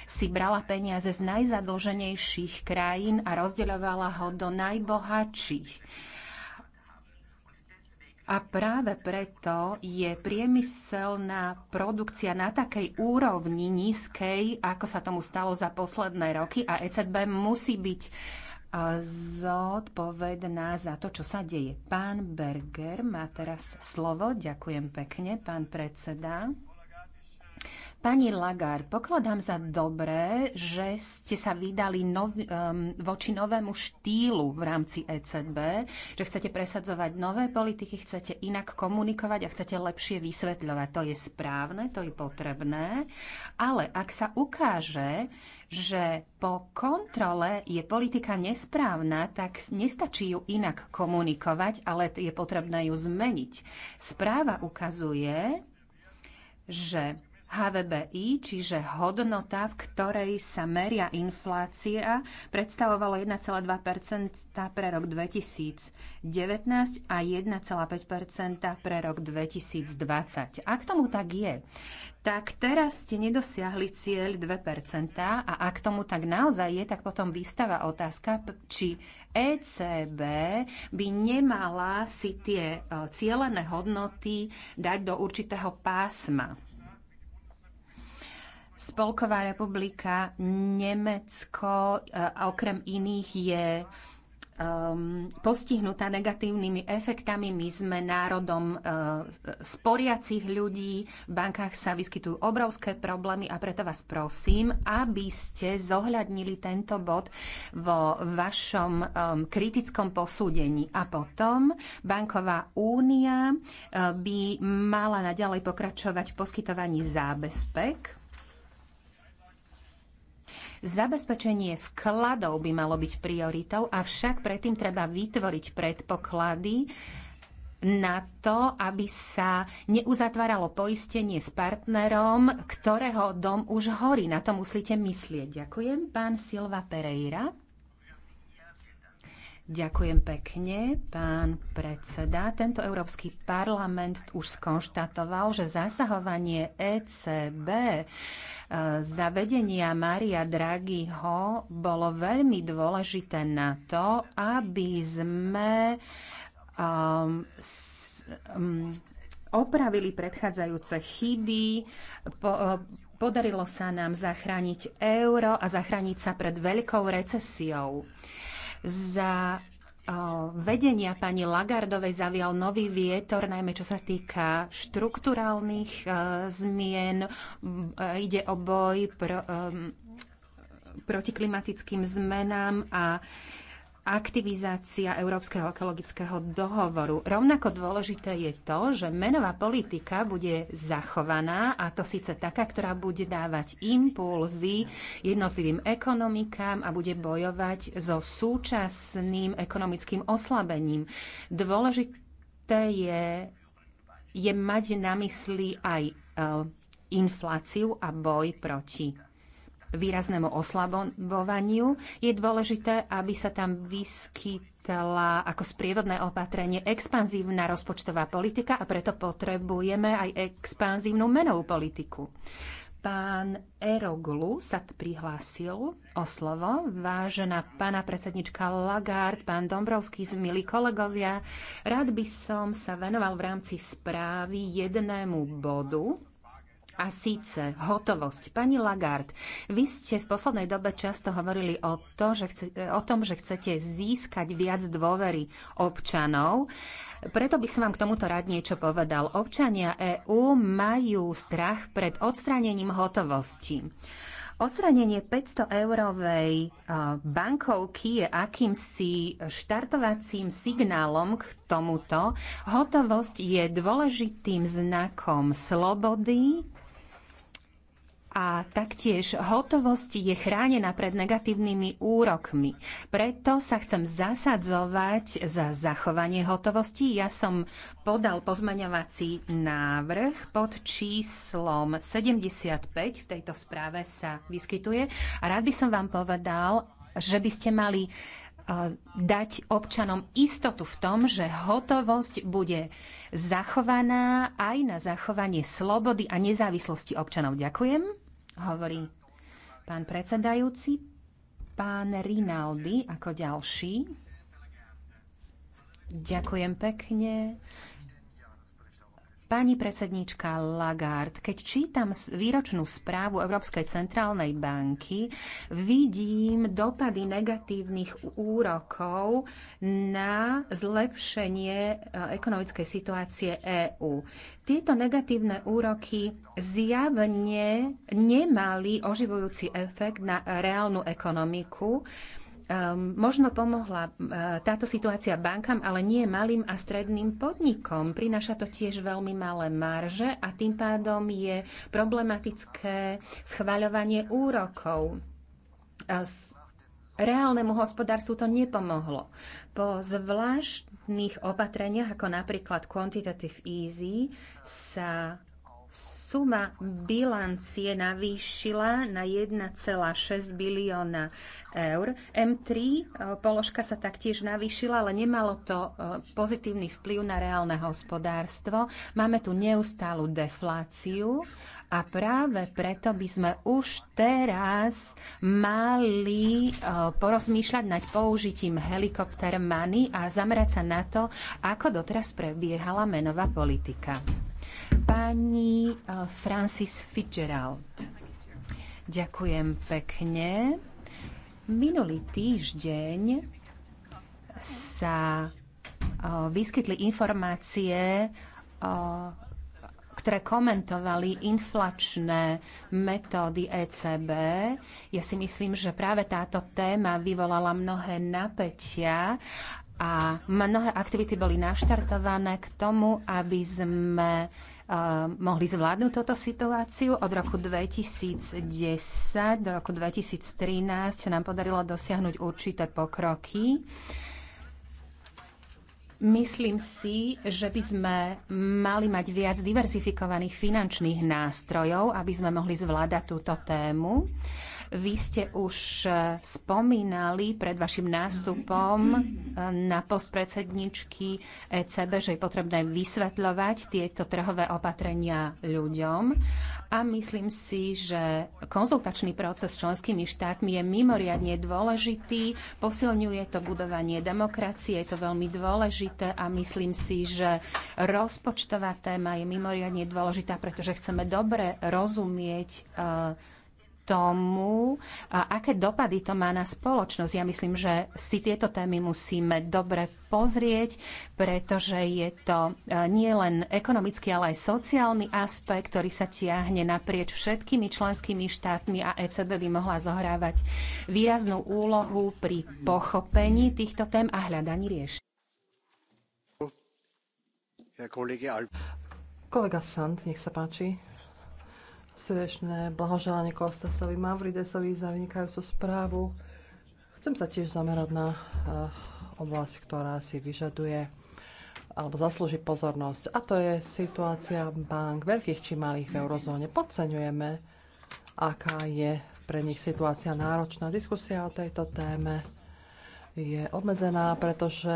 D: si brala peniaze z najzadlženejších krajín a rozdeľovala ho do najbohatších a práve preto je priemyselná produkcia na takej úrovni nízkej, ako sa tomu stalo za posledné roky a ECB musí byť e, zodpovedná za to, čo sa deje. Pán Berger má teraz slovo. Ďakujem pekne, pán predseda. Pani Lagár, pokladám za dobré, že ste sa vydali nov, um, voči novému štýlu v rámci ECB, že chcete presadzovať nové politiky, chcete inak komunikovať a chcete lepšie vysvetľovať. To je správne, to je potrebné, ale ak sa ukáže, že po kontrole je politika nesprávna, tak nestačí ju inak komunikovať, ale je potrebné ju zmeniť. Správa ukazuje, že HVBI, čiže hodnota, v ktorej sa meria inflácia, predstavovalo 1,2 pre rok 2019 a 1,5 pre rok 2020. Ak tomu tak je, tak teraz ste nedosiahli cieľ 2 a ak tomu tak naozaj je, tak potom vystáva otázka, či ECB by nemala si tie e, cieľené hodnoty dať do určitého pásma Spolková republika Nemecko e, a okrem iných je um, postihnutá negatívnymi efektami. My sme národom uh, sporiacich ľudí, v bankách sa vyskytujú obrovské problémy a preto vás prosím, aby ste zohľadnili tento bod vo vašom um, kritickom posúdení. A potom Banková únia uh, by mala naďalej pokračovať v poskytovaní zábezpek Zabezpečenie vkladov by malo byť prioritou, avšak predtým treba vytvoriť predpoklady, na to, aby sa neuzatváralo poistenie s partnerom, ktorého dom už horí. Na to musíte myslieť. Ďakujem, pán Silva Pereira. Ďakujem pekne, pán predseda. Tento Európsky parlament už skonštatoval, že zasahovanie ECB e, zavedenia Maria Draghiho bolo veľmi dôležité na to, aby sme um, s, um, opravili predchádzajúce chyby, po, e, podarilo sa nám zachrániť euro a zachrániť sa pred veľkou recesiou za vedenia pani Lagardovej zavial nový vietor, najmä čo sa týka štruktúrálnych e, zmien. E, ide o boj pro, e, proti klimatickým zmenám a aktivizácia Európskeho ekologického dohovoru. Rovnako dôležité je to, že menová politika bude zachovaná a to síce taká, ktorá bude dávať impulzy jednotlivým ekonomikám a bude bojovať so súčasným ekonomickým oslabením. Dôležité je, je mať na mysli aj eh, infláciu a boj proti výraznému oslabovaniu. Je dôležité, aby sa tam vyskytla ako sprievodné opatrenie expanzívna rozpočtová politika a preto potrebujeme aj expanzívnu menovú politiku. Pán Eroglu sa prihlásil o slovo. Vážená pána predsednička Lagarde, pán Dombrovský, milí kolegovia, rád by som sa venoval v rámci správy jednému bodu, a síce hotovosť. Pani Lagarde, vy ste v poslednej dobe často hovorili o, to, že chce, o tom, že chcete získať viac dôvery občanov. Preto by som vám k tomuto rád niečo povedal. Občania EÚ majú strach pred odstránením hotovosti. Odstránenie 500 eurovej e, bankovky je akýmsi štartovacím signálom k tomuto. Hotovosť je dôležitým znakom slobody, a taktiež hotovosť je chránená pred negatívnymi úrokmi. Preto sa chcem zasadzovať za zachovanie hotovosti. Ja som podal pozmaňovací návrh pod číslom 75, v tejto správe sa vyskytuje. A rád by som vám povedal, že by ste mali e, dať občanom istotu v tom, že hotovosť bude zachovaná aj na zachovanie slobody a nezávislosti občanov. Ďakujem hovorí pán predsedajúci. Pán Rinaldi ako ďalší. Ďakujem pekne. Pani predsednička Lagarde, keď čítam výročnú správu Európskej centrálnej banky, vidím dopady negatívnych úrokov na zlepšenie e, ekonomickej situácie EÚ. Tieto negatívne úroky zjavne nemali oživujúci efekt na reálnu ekonomiku. Ehm, možno pomohla eh, táto situácia bankám, ale nie malým a stredným podnikom. Prináša to tiež veľmi malé marže a tým pádom je problematické schváľovanie úrokov reálnemu hospodárstvu to nepomohlo. Po zvláštnych opatreniach, ako napríklad quantitative easy, sa suma bilancie navýšila na 1,6 bilióna eur. M3 e, položka sa taktiež navýšila, ale nemalo to e, pozitívny vplyv na reálne hospodárstvo. Máme tu neustálu defláciu a práve preto by sme už teraz mali e, porozmýšľať nad použitím helikopter money a zamerať sa na to, ako doteraz prebiehala menová politika. Pani eh, Francis Fitzgerald. Ďakujem pekne. Minulý týždeň sa eh, vyskytli informácie, eh, ktoré komentovali inflačné metódy ECB. Ja si myslím, že práve táto téma vyvolala mnohé napätia a mnohé aktivity boli naštartované k tomu, aby sme mohli zvládnuť túto situáciu. Od roku 2010 do roku 2013 sa nám podarilo dosiahnuť určité pokroky. Myslím si, že by sme mali mať viac diverzifikovaných finančných nástrojov, aby sme mohli zvládať túto tému. Vy ste už eh, spomínali pred vašim nástupom eh, na post predsedničky ECB, že je potrebné vysvetľovať tieto trhové opatrenia ľuďom. A myslím si, že konzultačný proces s členskými štátmi je mimoriadne dôležitý, posilňuje to budovanie demokracie, je to veľmi dôležité a myslím si, že rozpočtová téma je mimoriadne dôležitá, pretože chceme dobre rozumieť uh, tomu, aké dopady to má na spoločnosť. Ja myslím, že si tieto témy musíme dobre pozrieť, pretože je to e, nie len ekonomický, ale aj sociálny aspekt, ktorý sa tiahne naprieč všetkými členskými štátmi a ECB by mohla zohrávať výraznú úlohu pri pochopení týchto tém a hľadaní riešení.
C: Kolega Sand, nech sa páči. Srdečné blahoželanie Kostasovi Mavridesovi za vynikajúcu správu. Chcem sa tiež zamerať na eh, oblasť, ktorá si vyžaduje alebo zaslúži pozornosť. A to je situácia bank, veľkých či malých v eurozóne. Podceňujeme, aká je pre nich situácia náročná. Diskusia o tejto téme je obmedzená, pretože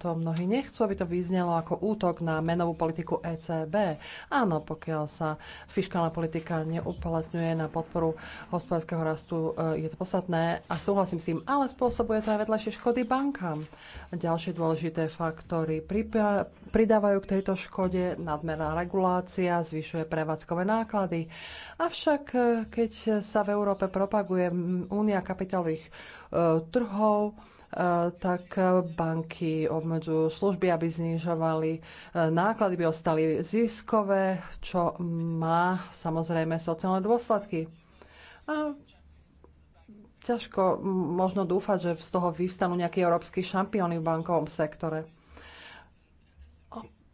C: to mnohí nechcú, aby to vyznelo ako útok na menovú politiku ECB. Áno, pokiaľ sa fiskálna politika neuplatňuje na podporu hospodárskeho rastu, e, je to podstatné a súhlasím s tým, ale spôsobuje to aj vedľajšie škody bankám. Ďalšie dôležité faktory pridávajú k tejto škode nadmerná regulácia, zvyšuje prevádzkové náklady. Avšak, e, keď sa v Európe propaguje únia kapitálových e, trhov, tak banky obmedzujú služby, aby znižovali e, náklady, by ostali ziskové, čo má samozrejme sociálne dôsledky. A ťažko možno dúfať, že z toho vystanú nejakí európsky šampióny v bankovom sektore.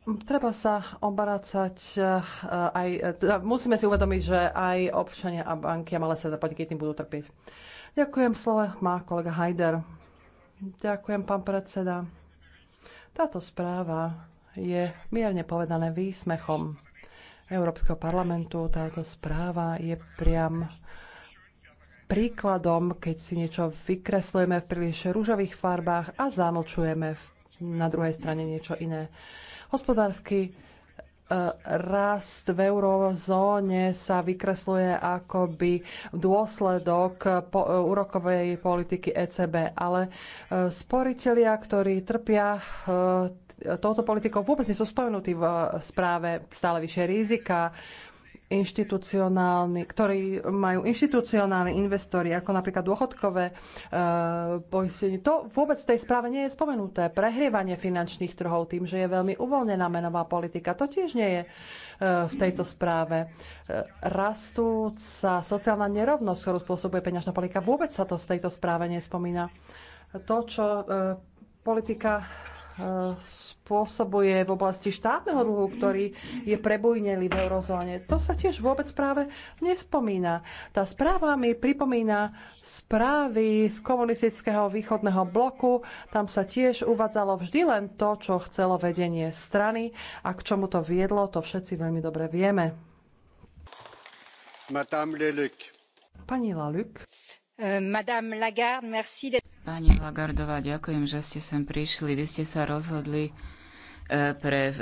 C: Treba sa obracať e, aj, e, teda musíme si uvedomiť, že aj občania a banky a malé sa podniky tým budú trpieť. Ďakujem, slove má kolega Hajder. Ďakujem, pán predseda. Táto správa je mierne povedané výsmechom Európskeho parlamentu. Táto správa je priam príkladom, keď si niečo vykreslujeme v príliš rúžových farbách a zamlčujeme na druhej strane niečo iné. Hospodársky rast v eurozóne sa vykresluje akoby dôsledok po, úrokovej politiky ECB, ale e, sporitelia, ktorí trpia e, touto politikou, vôbec nie sú spomenutí v správe stále vyššie rizika, inštitucionálni, ktorí majú inštitucionálni investori, ako napríklad dôchodkové e, poistenie. To vôbec v tej správe nie je spomenuté. Prehrievanie finančných trhov tým, že je veľmi uvoľnená menová politika, to tiež nie je e, v tejto správe. E, rastúca sociálna nerovnosť, ktorú spôsobuje peňažná politika, vôbec sa to z tejto správe nespomína. To, čo e, politika e, spôsobuje v oblasti štátneho dlhu, ktorý je prebujnelý v eurozóne. To sa tiež vôbec práve nespomína. Tá správa mi pripomína správy z komunistického východného bloku. Tam sa tiež uvádzalo vždy len to, čo chcelo vedenie strany a k čomu to viedlo, to všetci veľmi dobre vieme. Pani Laluk. Euh,
E: Pani Lagardová, ďakujem, že ste sem prišli. Vy ste sa rozhodli e, pre e,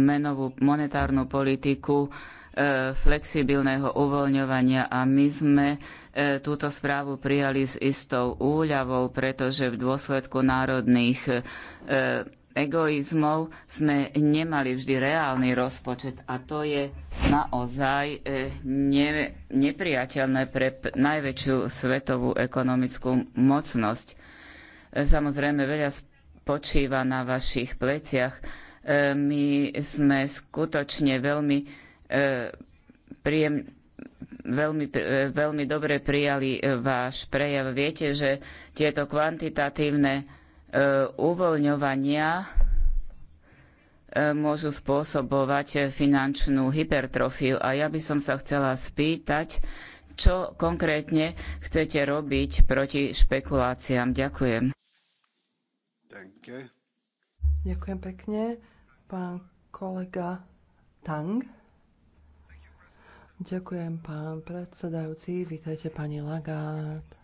E: menovú monetárnu politiku e, flexibilného uvoľňovania a my sme túto správu prijali s istou úľavou, pretože v dôsledku národných egoizmov sme nemali vždy reálny rozpočet a to je naozaj e, ne, nepriateľné pre najväčšiu svetovú ekonomickú mocnosť. E, samozrejme, veľa spočíva na vašich pleciach. E, my sme skutočne veľmi, príjem, veľmi, veľmi dobre prijali váš prejav. Viete, že tieto kvantitatívne E, uvoľňovania e, môžu spôsobovať finančnú hypertrofiu. A ja by som sa chcela spýtať, čo konkrétne chcete robiť proti
C: špekuláciám. Ďakujem.
A: Danke.
C: Ďakujem pekne. Pán kolega Tang. Ďakujem, pán predsedajúci. Vítajte, pani Lagarde.